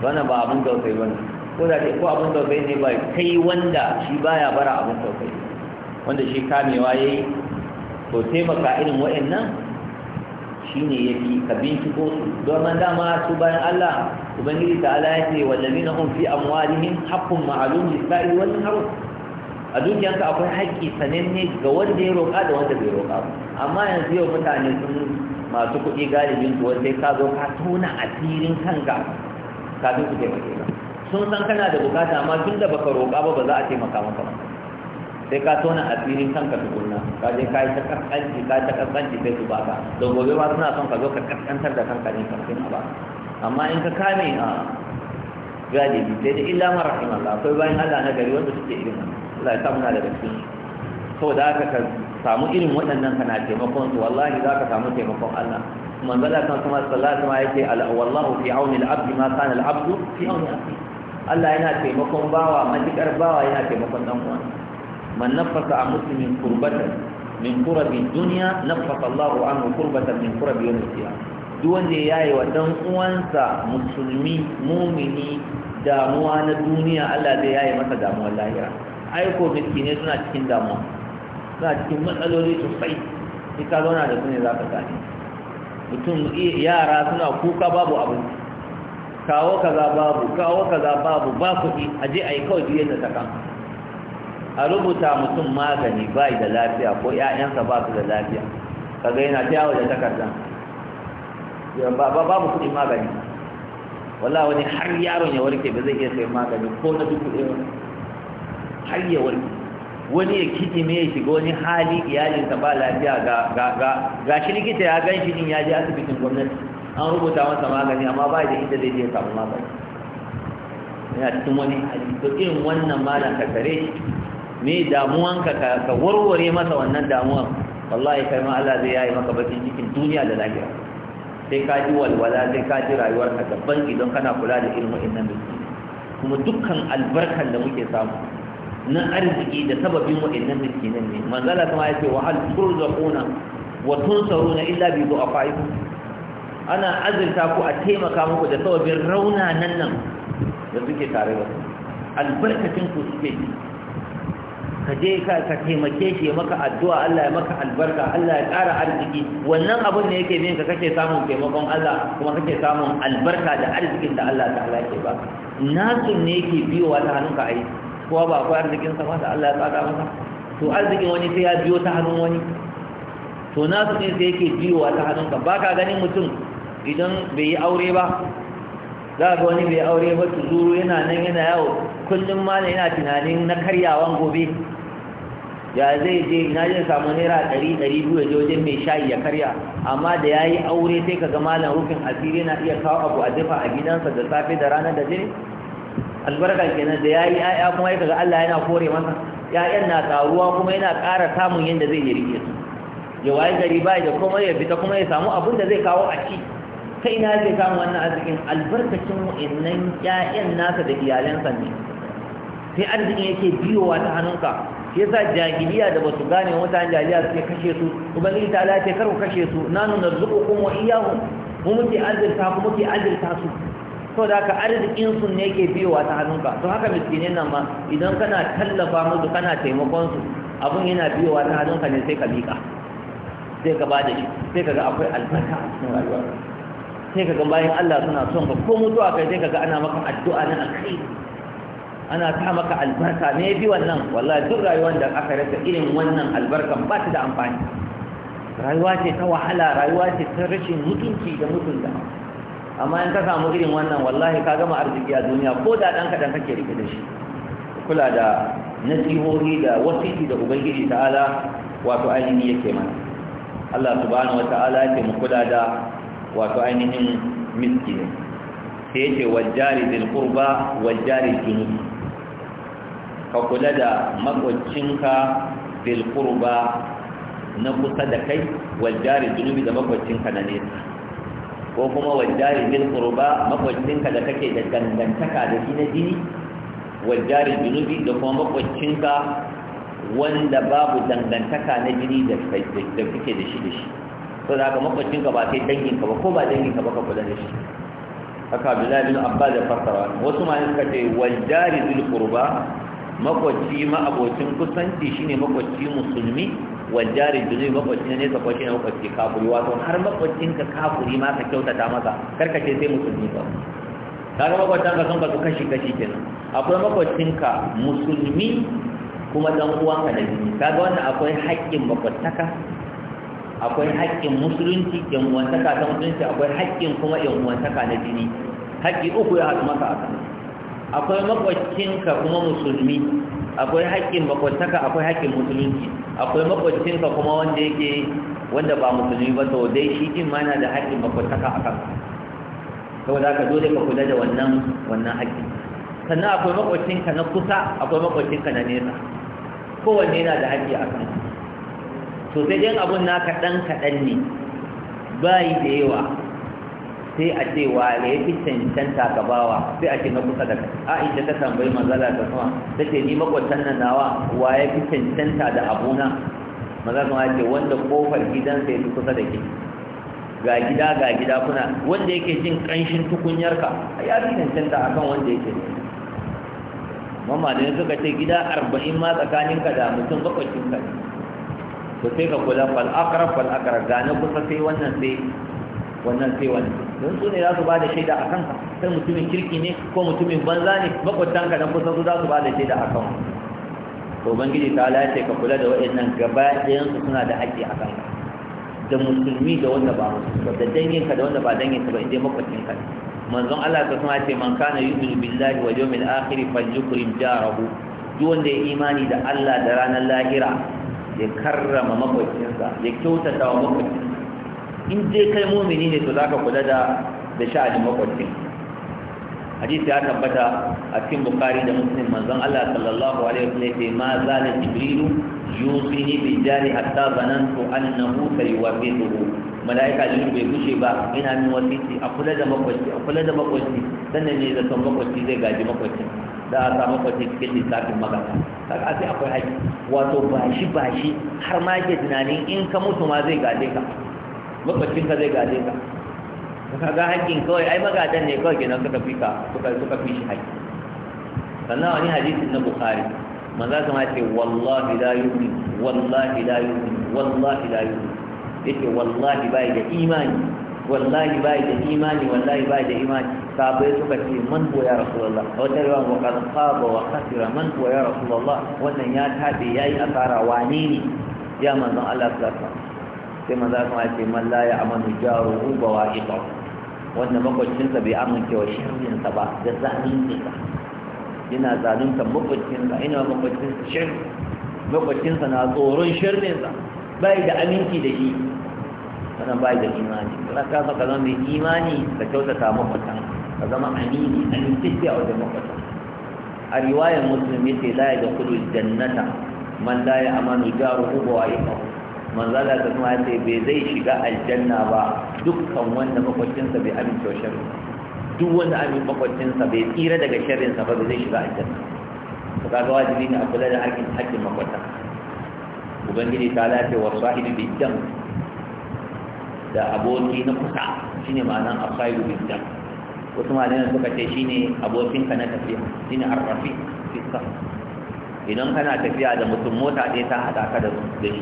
wannan ba abin tausayi ba ne ko da ko abin tausayi ne ba kai wanda shi baya bara abin tausayi wanda shi kamewa ya yi to taimaka irin wa'annan shine fi ka binciko su domin dama su bayan Allah ubangiji ta ala wa wallazina hum fi amwalihim haqqun ma'lum lis wal harus. a dukiyanka akwai haƙƙi sananne ga wanda ya roƙa da wanda bai roƙa ba amma yanzu yau mutane sun masu kuɗi galibin su wanda ka zo ka tona asirin kanka kafin su taimake ka sun san kana da bukata amma tun da baka roƙa ba ba za a taimaka maka ba sai ka tona a asirin kanka tukunna ka je ka yi ta kaskanci ka ta kaskanci sai su baka don gobe ba suna son ka zo ka kaskantar da kanka ne kan a ba amma in ka kame a galibi sai da illa ma rahimallah akwai bayan Allah na gari wanda suke irin Allah ya samu na daga cikin da aka ka samu irin waɗannan ka na taimakon su wallahi za ka samu taimakon Allah kuma zalla kan kuma sallallahu alaihi wa sallam wallahu fi auni al-abd ma kana al-abd fi auni akhi Allah yana taimakon bawa matikar bawa yana taimakon dan uwa man nafasa a muslimin kurbatan min kurabi duniya nafasa Allahu anhu kurbatan min kurabi yawm al-qiyamah duk wanda ya yi dan uwansa musulmi mumini damuwa na duniya Allah zai yaye masa damuwar lahira ai ko miskine suna cikin damuwa suna cikin matsaloli sosai sai ka da ne za ka gane mutum yara suna kuka babu abinci kawo kaza babu kawo kaza babu ba kuɗi a je a yi kawai duk yadda ta kama a rubuta mutum magani ba'i da lafiya ko ‘ya'yansa ba su da lafiya kaga yana ta yawo da ba babu kuɗin magani wala wani har yaron ya warke ba zai iya sai magani ko na duk kuɗi har ya warke wani ya kidime ya shiga wani hali iyalinsa ba lafiya ga ga ga ga shi likita ya gan shi din ya je asibitin gwamnati an rubuta masa magani amma ba da inda zai je samu magani yana cikin wani hali to irin wannan malam ka tare shi me damuwanka ka warware masa wannan damuwan wallahi kai ma Allah zai yayi maka bakin cikin duniya da lahira sai ka ji walwala sai ka ji rayuwarka daban idan kana kula da irin wa'annan miski kuma dukkan albarkan da muke samu na arziki da sababin wa'annan nan ne manzala kuma yace wa hal turzaquna wa tunsaruna illa bi du'afaikum ana azurta ku a taimaka muku da sababin raunanan nan da suke tare da albarkacin ku suke ka je ka ka taimake shi maka addu'a Allah ya maka albarka Allah ya ƙara arziki wannan abin ne yake min ka kake samun taimakon Allah kuma kake samun albarka da arzikin da Allah ta'ala ke ba nasu ne yake biyo wata hannunka ai kowa ba akwai arzikin sa ma da Allah ya tsada maka to arzikin wani sai ya biyo ta hannun wani to nasu ne sai yake biyo wata hannunka ba ka ganin mutum idan bai yi aure ba za ga wani bai aure ba tuzuru yana nan yana yawo kullum ma yana tunanin na karyawan gobe ya zai je na zai samu naira ɗari ɗari biyu ya je wajen mai shayi ya karya amma da ya yi aure sai ka gama malam rufin asiri na iya kawo abu a dafa a gidansa da safe da rana da jini? albarka kenan da ya yi ya'ya kuma ya kaga Allah yana kore masa ya'yan na karuwa kuma yana ƙara samun yadda zai yi rike su ya waye gari ba da kuma ya fita kuma ya samu abin da zai kawo a ci kai na zai samu wannan arzikin albarkacin wa'innan ya'yan nasa da iyalansa ne sai arzikin yake biyowa ta hannunka shi yasa jahiliya da basu gane mutanen jahiliya suke kashe su ubangiji ta Allah ya ce kar ku kashe su nanu kum wa iyyahum mu muke arzirta ku muke arzirta su to da ka arzikin su ne ke biyowa ta hannunka to haka miskinin nan ma idan kana tallafa musu kana taimakon su abun yana biyowa ta hannunka ne sai ka miƙa sai ka bada shi sai ka ga akwai albarka a cikin rayuwa sai ka ga bayan Allah suna son ka ko mutuwa kai sai ka ga ana maka addu'a na akai ana ta maka albarka me bi wannan wallahi duk rayuwar da aka rasa irin wannan albarkan ba ta da amfani rayuwa ce ta wahala rayuwa ce ta rashin mutunci da mutunta amma in ka samu irin wannan wallahi ka gama arziki a duniya ko da ɗan kaɗan kake rike da shi kula da nasihohi da wasiki da ubangiji ta'ala wato ainihin yake mana Allah subhanahu wata'ala ce mu kula da wato ainihin miski ne. sai yake wajjari zil qurba wajjari junubi ka kula da makwacinka bil qurba na kusa da kai waljari jari da makwacinka na nesa ko kuma waljari jari bil qurba makwacinka da kake da dangantaka da shi na jini waljari jari da kuma makwacinka wanda babu dangantaka na jini da kake da shi da shi ko da ka makwacinka ba sai danginka ba ko ba danginka ba ka kula da shi haka abdullahi bin abbas ya fassara wasu ma suka ce wal jari bil qurba makwacci ma'abocin kusanci shine makwacci musulmi waljari dunubi makwacci na nesa kwashi na makwacci kafuri wato har ka kafuri ma ka kyautata masa karkace sai musulmi ba kaga makwacinka sun kasu kashi kashi kenan akwai ka musulmi kuma dan ka da jini kaga wannan akwai haƙƙin makwataka akwai haƙƙin musulunci yan uwantaka ta musulunci akwai haƙƙin kuma yan uwantaka na jini haƙƙi uku ya haɗu maka a kan akwai makwacinka kuma musulmi akwai haƙƙin makwataka akwai haƙƙin musulunci akwai makwacinka kuma wanda yake wanda ba musulmi ba to dai shi din ma yana da haƙƙin makwataka a kanka za ka dole ka kula da wannan wannan haƙƙin sannan akwai makwacinka na kusa akwai makwacinka na nesa kowanne yana da haƙƙi a kan to sai dai abun naka ɗan kaɗan ne bayi da yawa sai a ce wa ne ya fi cancanta gabawa sai a ce na kusa da kai. ita ta tambayi manzala ta kuma. ta ce ni makwatan nan nawa wa ya fi cancanta da abuna maza kuma ce wanda kofar gidan ya fi kusa da ke ga gida ga gida kuna wanda yake jin kanshin tukunyarka ya fi cancanta akan wanda yake mamma da suka ce gida arba'in ma tsakaninka da mutum ka to sai ka kula fal akrab fal kusa sai wannan sai wannan sai wannan don su ne za su ba da shaida a kanka sai mutumin kirki ne ko mutumin banza ne makwabtanka na kusa su za su ba da shaida a kanka to bangiji ta ala ce ka kula da waɗannan gaba ɗayansu suna da haƙƙi a kanka da musulmi da wanda ba musulmi ba da danginka da wanda ba danginka ba inda makwabcinka ne manzon Allah ta kuma ce man kana yu'minu billahi wal yawmil akhir falyukrim jarahu duk wanda ya imani da Allah da ranar lahira ya karrama makwabcinsa ya kyautata wa makwabcinsa in je kai mumini ne to za ka kula da da sha'anin makwabcin hadisi ya tabbata a cikin bukari da muslim manzon Allah sallallahu alaihi wasallam ya ce ma zala jibrilu yusini bi jari hatta zanantu annahu sayuwafiduhu malaika jibril bai kushe ba ina min wasiti a kula da makwabci a kula da makwabci sannan ne zaton makwabci zai gaji makwabci da a sa makwabci cikin lissafin magana ka sai akwai haƙi wato bashi bashi har ma ke tunanin in ka mutu ma zai gaje ka makwacin ka zai gaje ka ka ga hakkin kawai ai magadan ne kawai kenan suka fika suka suka fi shi hakki sannan wani hadisi na bukhari manzo sama ce wallahi la yu'min wallahi la yu'min wallahi la yu'min yake wallahi bai da imani wallahi bai da imani wallahi bai da imani sabai suka ce man ko ya rasulullah wata riwa wa qad khaba wa khasira man ko ya rasulullah wannan ya tabe yayi asara wane ne ya manzo Allah sallallahu alaihi wasallam sai maza kuma ce man la ya amanu jaruhu ba wa ita wanda makwabcinsa bai amince wa shirinsa ba da zaluncinsa yana zalunta makwabcinsa ina makwabcinsa shirin makwabcinsa na tsoron shirinsa bai da aminci da shi wannan bai da imani kuma ka saka zama mai imani ka kyautata makwabtan ka zama amini amintacciya wajen makwabtan a riwayar musulmi sai la ya da kudu jannata man la ya amanu jaruhu ba wa ita manzala ta kuma ce bai zai shiga aljanna ba dukkan wanda makwacinsa bai amince wa sharri duk wanda abin makwacinsa bai tsira daga sharrinsa ba bai zai shiga aljanna to kaga wajibi ne a kula da hakkin hakkin makwata ubangiji ta lafiya wa sahibi bil da aboki na kusa shine ma'anan asahibi bil wasu malaman suka ce shine abokinka na tafiya shine arrafi fi safar idan kana tafiya da mutum mota ɗaya ta haɗa ka da shi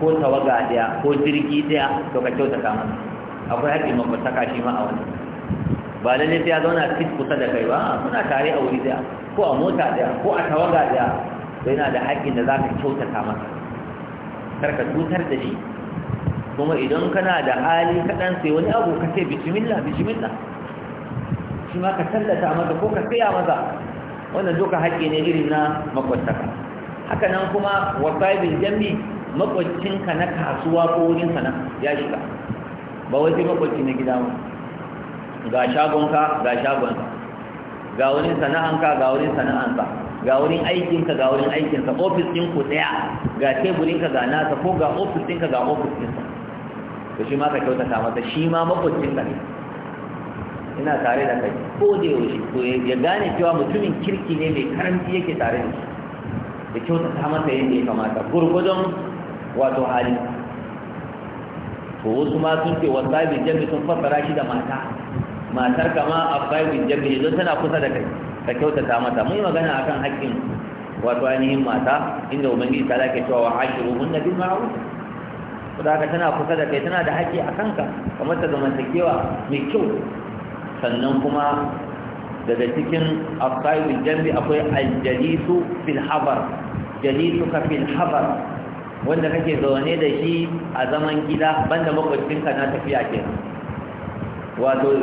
ko tawaga daya ko jirgi daya to ka kyautata masa akwai haƙƙin makwataka shi ma a wannan ba lalle sai ya zauna fit kusa da kai ba suna tare a wuri daya ko a mota daya ko a tawaga daya to yana da haƙƙi da za ka kyautata masa kar ka cutar da shi kuma idan kana da hali kaɗan sai wani abu ka ce bishimilla bishimilla. shi ma ka tallata masa ko ka saya masa wannan duka haƙƙi ne irin na makwataka haka nan kuma wasaibin jami makwacinka na kasuwa ko wurinka na ya shiga ba wai sai makwaci na gida ba ga shagonka ga shagonka ga wurin sana'anka ga wurin sana'anka ga wurin aikinka ga wurin ka, ofis ɗin ku daya ga teburinka ga nasa ko ga ofis ɗinka ga ofis ɗinsa to shi ma ka kyautata masa shi ma makwacinka ne ina tare da kai ko da yaushe to ya gane cewa mutumin kirki ne mai karanci yake tare da shi da kyautata masa yadda ya kamata gurgudun wato hali to wasu ma sun ce wasa bin jami sun fassara shi da mata matar kama abbai bin jami don tana kusa da kai ka kyautata mata mun yi magana a kan haƙƙin wato ainihin mata inda ubangiji ta lake cewa wa ashiru hunna bil ma'ruf saboda haka tana kusa da kai tana da haƙƙi a kanka kamar ta kewa mai kyau sannan kuma daga cikin abbai bin akwai aljalisu fil habar jalisuka fil habar wanda kake zaune da shi a zaman gida banda makwabcinka na tafiya ke wato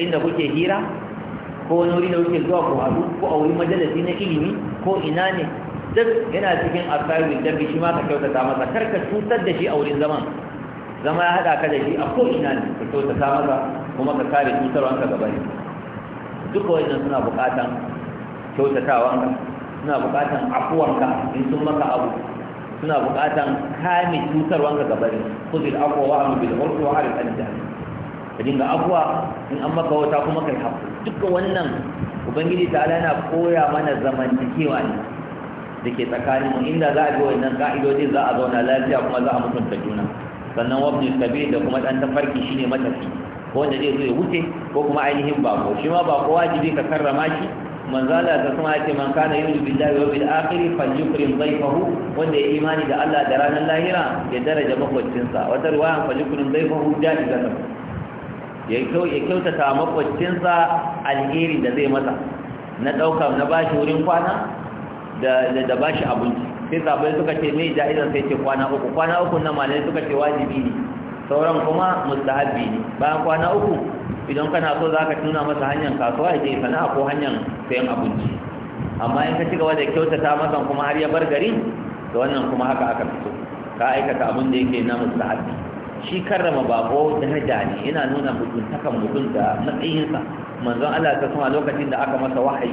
inda kuke hira ko wani wuri da kuke zuwa ku haɗu ko a wuri majalisi na ilimi ko ina ne duk yana cikin asarin da shi ma ka kyautata masa kar ka cutar da shi a wurin zaman zama ya haɗa ka da shi a ko ina ne ka kyautata masa kuma ka kare cutarwanka gaba ne duka wannan suna buƙatan kyautatawanka suna buƙatan afuwanka in sun maka abu suna buƙatan kame cutarwanka gabari kuzil afwa wa amu bil urfi wa arif an ka dinga afwa in an maka wata kuma kai hafu dukkan wannan ubangiji ta ala na koya mana zamantakewa ne da ke tsakanin mu inda za a bi wannan ka'idodin za a zauna lafiya kuma za a mutunta juna sannan wabni sabi da kuma dan tafarki shine matafi ko wanda zai zo ya wuce ko kuma ainihin bako shi ma bako wajibi ka karrama shi manzala ta kuma ake man kana yu'minu billahi wa bil akhir falyukrim dhayfahu wanda ya imani da Allah da ranar lahira ya daraja makwabcinsa wata riwaya falyukrim dhayfahu jaizatan ya kyautata sa alheri da zai masa na dauka na bashi wurin kwana da bashi abinci sai sabai suka ce mai ja'izar sai ce kwana uku kwana uku na malai suka ce wajibi ne sauran kuma mustahabbi ne bayan kwana uku idan kana so za ka tuna masa hanyar kasuwa ya ce sana'a ko hanyar sayan abinci amma in ka ci cigaba da kyautata masa kuma har ya bar gari da wannan kuma haka aka fito ka aikata abin da yake na mustahabi shi karrama bako daraja ne yana nuna mutuntakan mutum da matsayinsa manzon Allah ta kuma lokacin da aka masa wahayi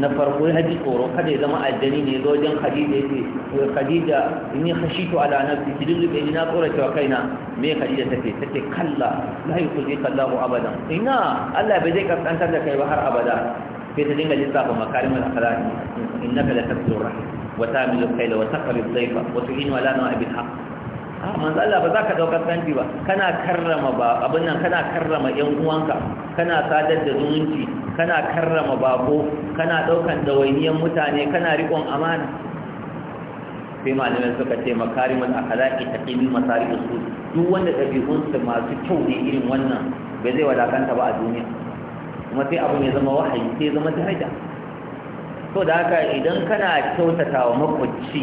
na farko ya ji tsoro kada ya zama aljani ne zo wajen khadija ya ce wai khadija in yi khashitu ala nafsi ki dullu ni na tsora cewa kaina me khadija ta ce tace kalla la kalla kallahu abadan ina Allah bai zai kaskantar da kai ba har abada sai ta dinga lissafa makarimul akhlaq innaka la tasur rahim wa tamilu khayla wa tsaifa, dhayfa wa tuhinu ala abin haqq manzo Allah ba za ka ɗaukar kanti ba kana karrama ba abin nan kana karrama yan uwanka kana sadar da zumunci kana karrama bako kana ɗaukar ɗawainiyar mutane kana riƙon amana sai malamai suka ce a makarimul akhlaqi taqimi da su duk wanda dabi'un masu kyau ne irin wannan bai zai wadakanta ba a duniya kuma sai abu ne zama wahayi sai zama daraja So da haka idan kana kyautatawa makwacci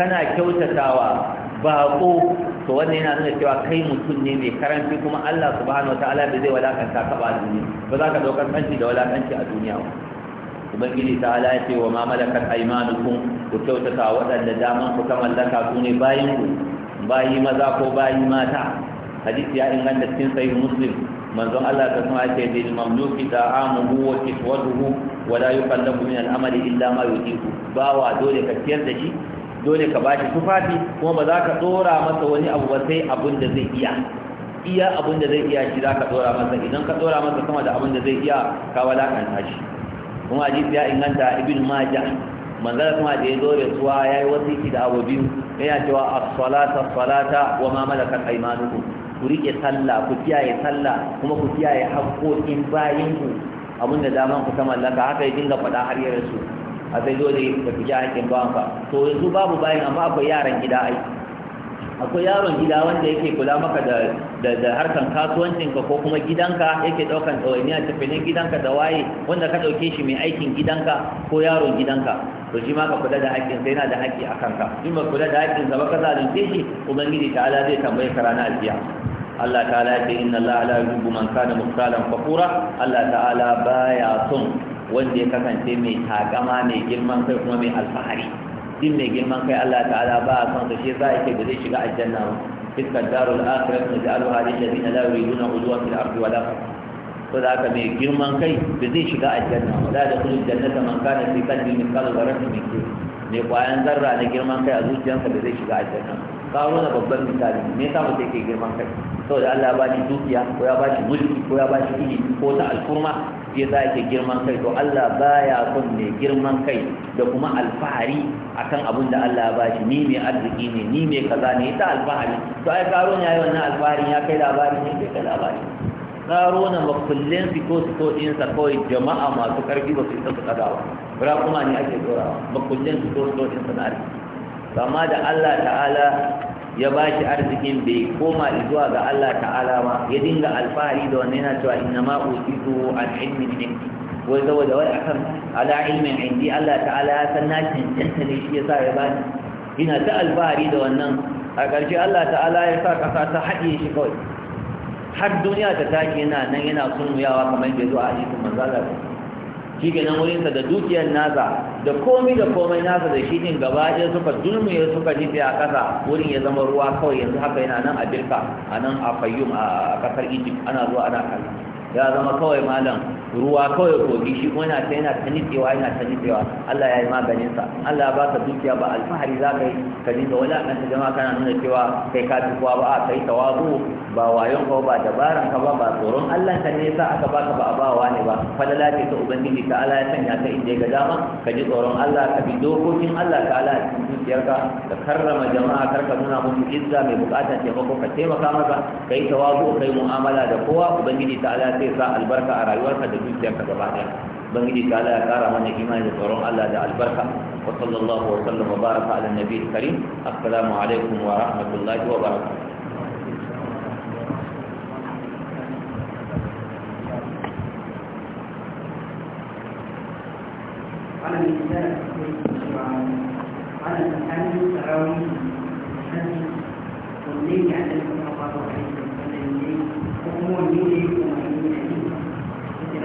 kana kyautatawa baƙo to wannan yana nuna cewa kai mutum ne mai karanci kuma Allah subhanahu wataala bai zai walakanta ka ba duniya ba za ka daukar kanci da walakanci a duniya ba ubangiji ta ala ya ce wa ma malakat aymanukum ku kyautata waɗanda daman ku ta mallaka su ne bayin ku bayi maza ko bayi mata hadisi ya inganta cikin sahih muslim manzon Allah ta kuma ce bil mamluki ta'amuhu wa kiswatuhu wa la yukallafu min al-amali illa ma yutiku bawa dole ka ciyar da shi dole ka bashi tufafi kuma ba za ka dora masa wani abu ba sai abin da zai iya iya abin da zai iya shi za ka dora masa idan ka dora masa sama da abin da zai iya ka walakanta shi kuma hadisi ya inganta ibn maja. manzara kuma da ya zo da suwa ya yi wasiki da abu biyu yana cewa a salata salata wa ma malakat aymanukum ku riƙe sallah ku kiyaye sallah kuma ku kiyaye haƙoƙin bayin ku abin da daman ku ta mallaka haka ya dinga faɗa har ya rasu a sai dole ka fi ja haƙƙin to yanzu babu bayan amma akwai yaran gida ai akwai yaron gida wanda yake kula maka da da harkan harkan kasuwancinka ko kuma gidanka yake ɗaukan a tafinin gidanka da waye wanda ka ɗauke shi mai aikin gidanka ko yaron gidanka to shi ma ka kula da haƙƙin sai na da haƙƙi a kanka in ma kula da haƙƙin ka ba ka zalunce shi ubangiji ta'ala zai tambaye ka ranar aljiya Allah ta'ala ya ce inna Allah ala yuhibbu man kana muqtalan fakura Allah ta'ala baya son wanda ya kasance mai takama mai girman kai kuma mai alfahari din mai girman kai Allah ta'ala ba a son sa shi za a ce ba zai shiga aljanna ba fiskar darul akhirat na ja'alu hadin da zina lawi yuna uzuwa fil ardi wala Ko da haka mai girman kai da zai shiga aljanna ba da da kullu jannata man kana fi qalbi min qalbi zarratin min kibr mai kwayan zarra na girman kai a zuciyarsa da zai shiga aljanna kawo na babban misali me yasa mutum yake girman kai saboda Allah ya bani dukiya ko ya bani mulki ko ya bani ilimi ko ta alfurma shi yasa yake girman kai to Allah baya son mai girman kai da kuma alfahari akan abin da Allah ya bashi ni mai arziki ne ni mai kaza ne ita alfahari to ai karo ne yayi wannan alfaharin ya kai labari ne bai kai labari karo na makullin fito fito din sa kawai jama'a masu karfi ba su isa su ba bara kuma ne ake dorawa makullin fito fito din sa na arziki amma da Allah ta'ala ya ba shi arzikin bai koma zuwa ga Allah ta'ala ma. ya dinga alfahari da wannan yana cewa inna ma utitu an ilmin indi wai saboda wai akan ala ilmin indi Allah ta'ala ya san na cancanta ne shi ya sa ya bani ina ta alfahari da wannan a ƙarshe Allah ta'ala ya sa kasa ta haɗe shi kawai har duniya ta take yana nan yana sunnuyawa kamar da zuwa a cikin manzala shi ke nan wurinsa da dukiyar nasa da komai da komai nasa da shi din gaba ɗaya suka dulmiye suka jife a ƙasa wurin ya zama ruwa kawai yanzu haka yana nan a birka a nan a fayyum a ƙasar egypt ana zuwa ana kallon ya zama kawai malam ruwa kawai kogi shi kuma yana ta yana ta nitsewa yana ta nitsewa Allah ya yi maganin sa Allah ba ka dukiya ba alfahari za ka yi ka dinga wala kan ta jama'a kana nuna cewa kai ka tuwa ba a kai tawazu ba wayon ka ba dabaran ka ba ba tsoron Allah ka ne sa aka baka ba a ba ne ba falala ce ta ubangiji ta Allah ya sanya ka inda ga dama ka ji tsoron Allah ka bi dokokin Allah ta Allah cikin zuciyarka ka karrama jama'a karka nuna musu izza mai bukatar taimako ka taimaka maka kai tawazu kai mu'amala da kowa ubangiji ta Allah zai sa albarka a rayuwarka da dukiyarka gaba ɗaya ubangiji ta Allah ya kara mana imani da tsoron Allah da albarka wa sallallahu wa sallam wa baraka ala nabi karim assalamu alaikum wa rahmatullahi wa barakatuh على الإنسان على التحمل التراويح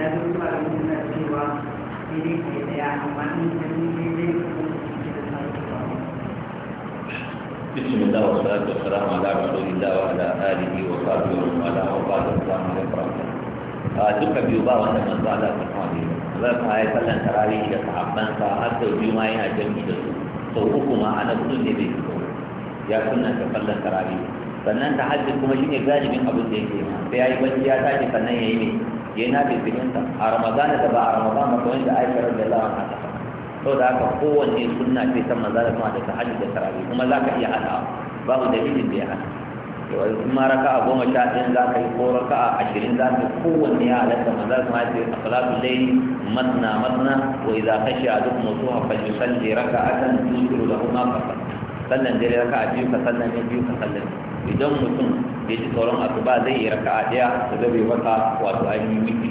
na zo zuwa da suna cewa daidai ka yi daya amma in kuma ciki da sauran بسم الله والصلاة والسلام على رسول الله وعلى آله وصحبه ومن والاه وبعد duka biyu ba wanda manzo Allah ta kawo ne zai ka yi sallan tarawih da sahabbansa har sau biyu ma yana da su sau uku ma ana sun ne bai fito ya sunna ta sallan tarawih sannan ta hajji kuma shine galibin abin da yake sai yayi bacci ya tashi sannan yayi ne ya na bibininsa a ramadana da ba a ramadana ba wanda aisha da allah an haka to da haka kowanne sunna ce ta manzo da kuma da tahajjud da tarawih kuma za ka iya hada babu dalilin da ya hada wai kuma raka'a goma sha ɗin za ka yi ko raka'a ashirin za ka yi kowanne ya halatta manzo da kuma ce salatu layli matna matna wa idza khashiya ahadukum mutuha falyusalli raka'atan tusiru lahu ma qasara sallan dare raka a biyu ka sallan ne biyu ka sallan idan mutum ya ji abu ba zai yi raka a ɗaya da zabe wata wato ainihin wiki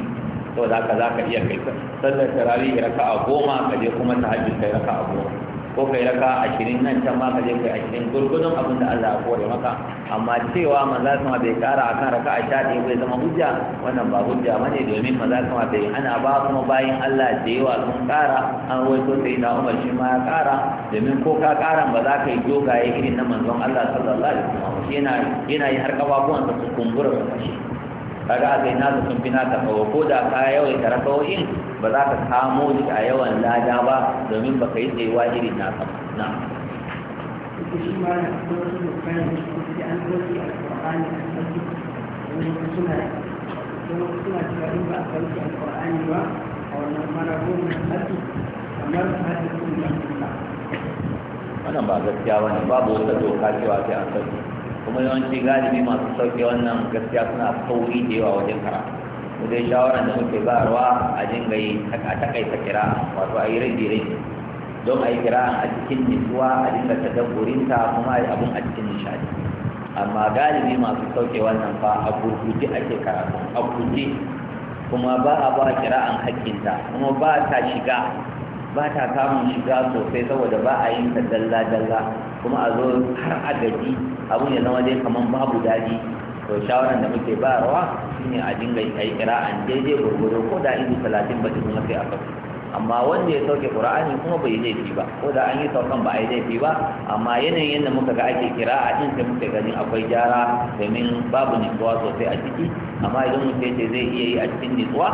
saboda haka za ka iya kai sallan tarawih raka a goma ka je kuma ta hajji kai raka a goma ko kai raka ashirin nan can ma ka je kai ashirin gurgudun abin da Allah ya kore maka amma cewa maza sama bai kara akan raka a sha ɗaya bai zama hujja wannan ba hujja ne domin maza sama bai ana ba kuma bayan Allah da yawa sun kara an ruwaito sai na Umar shi ma ya kara domin ko ka kara ba za ka yi dogaye irin na manzon Allah sallallahu alaihi wasallam yana yana yi har kafafuwan su kumbura su kashi kaga a sai na sun fi ka kawo ko da ka yawai ta rakawoyin ba za ka kamo shi a yawan lada ba domin ba ka yi tsayuwa irin na suna cewa in ba a sauke ba a wannan kamar wannan ba babu wata doka cewa sai an kuma yawanci galibi masu sauke wannan gaskiya suna sauri da yawa wajen karatu mu dai shawaran da muke bayarwa a dinga yi a takaita kira wato a yi rage rage don a yi kira a cikin nutsuwa a dinga tadabburinta kuma a yi abin a cikin nishadi amma galibi masu sauke wannan fa a gurguje ake karatu a guje kuma ba a ba an hakkinta kuma ba ta shiga ba ta samun shiga sosai saboda ba a yin ta dalla-dalla kuma a zo har agaji abun ya zama dai kamar babu daji to shawarar da muke ba rawa shine a dinga yi kai kira'an daidai gurgudu ko da ido talatin ba ta kuma sai a kasu amma wanda ya sauke qur'ani kuma bai laifi ba ko da an yi saukan ba a yi laifi ba amma yanayin yadda muka ga ake kira ɗin sai muke gani akwai gyara domin babu nutsuwa sosai a ciki amma idan mutum ce zai iya yi a cikin nutsuwa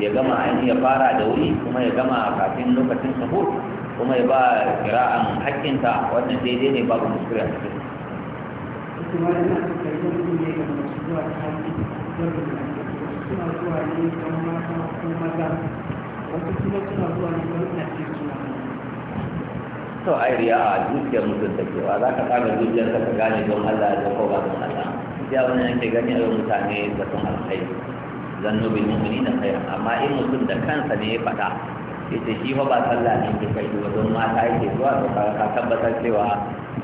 ya gama an ya fara da wuri kuma ya gama kafin lokacin sahur kuma ya ba kira'an hakkinta wannan daidai ne babu muskuri a cikin to ai riya a zuciyar mutum ta cewa za ka kama zuciyar ka gane don Allah da ko ba don Allah ya wani yanke gani a mutane da sun alkhairi zannu bil mu'minina khairan amma in mutum da kansa ne ya faɗa yace shi fa ba sallah ne ke kai ba don mata yake zuwa to ka tabbatar cewa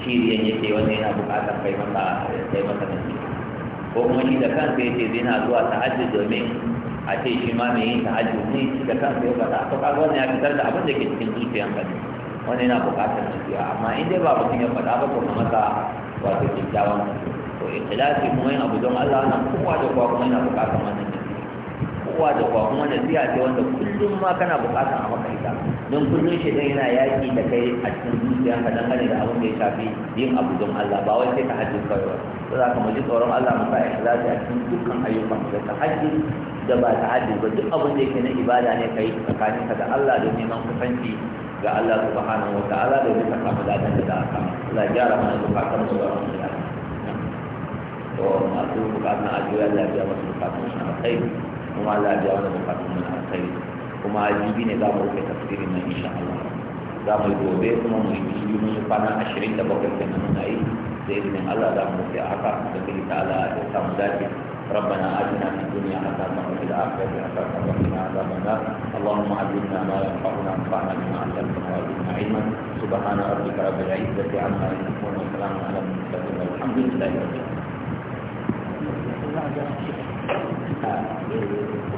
kiriyan yake wanda yana buƙatar kai masa kai masa nasiha ko kuma shi da kansa yace zai na zuwa hajji domin a ce shi ma mai yin hajji ne shi da kansa ya faɗa to ka wani ya fitar da abin da ke cikin ka ne Wani yana buƙatar nasiha amma in dai ba mutum ya faɗa ba to ka masa wato kyakkyawan to ikhlasi kuma yin abu don Allah wannan kowa da kowa kuma yana bukatar wannan kowa da uwa kuma nasiha ce wanda kullum ma kana buƙatar a maka ita don kullum shi dan yana yaƙi da kai a cikin ka dangane da abin da ya shafi yin abu don Allah ba wai sai ka hajji kai ba to za ka muji tsoron Allah mu sa ikhlasi a cikin dukkan ayyukan da ka hajji da ba ta hajji ba duk abin da yake na ibada ne kai ka da Allah don neman kusanci ga Allah subhanahu wa ta'ala domin ka samu ladan da za a samu Allah ya gyara mana bukatun mu da to masu bukatun a juya lafiya masu bukatun su na kai kuma Allah ya mana bukatun mu alkhairi kuma jibi ne za mu rufe tafsirin na insha Allah za mu gobe kuma mu yi mun kwana 27 kenan muna yi da izinin Allah za mu rufe haka da kai ta Allah ya samu dace ربنا آتنا في الدنيا حسنة وفي الآخرة حسنة وقنا عذاب النار اللهم علمنا ما ينفعنا وانفعنا بما علمتنا وزدنا علما سبحان ربك رب العزة عما يصفون وسلام على المرسلين والحمد لله رب العالمين ha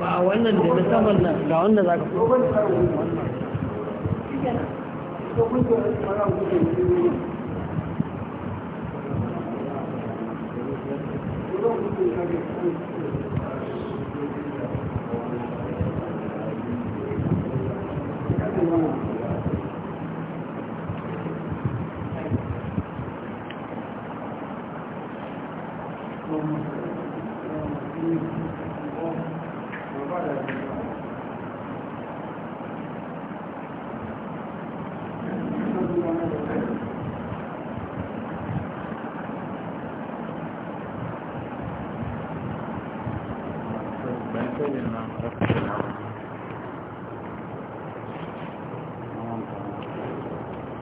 ba a wannan da na saman nan ga wanda za ka Thank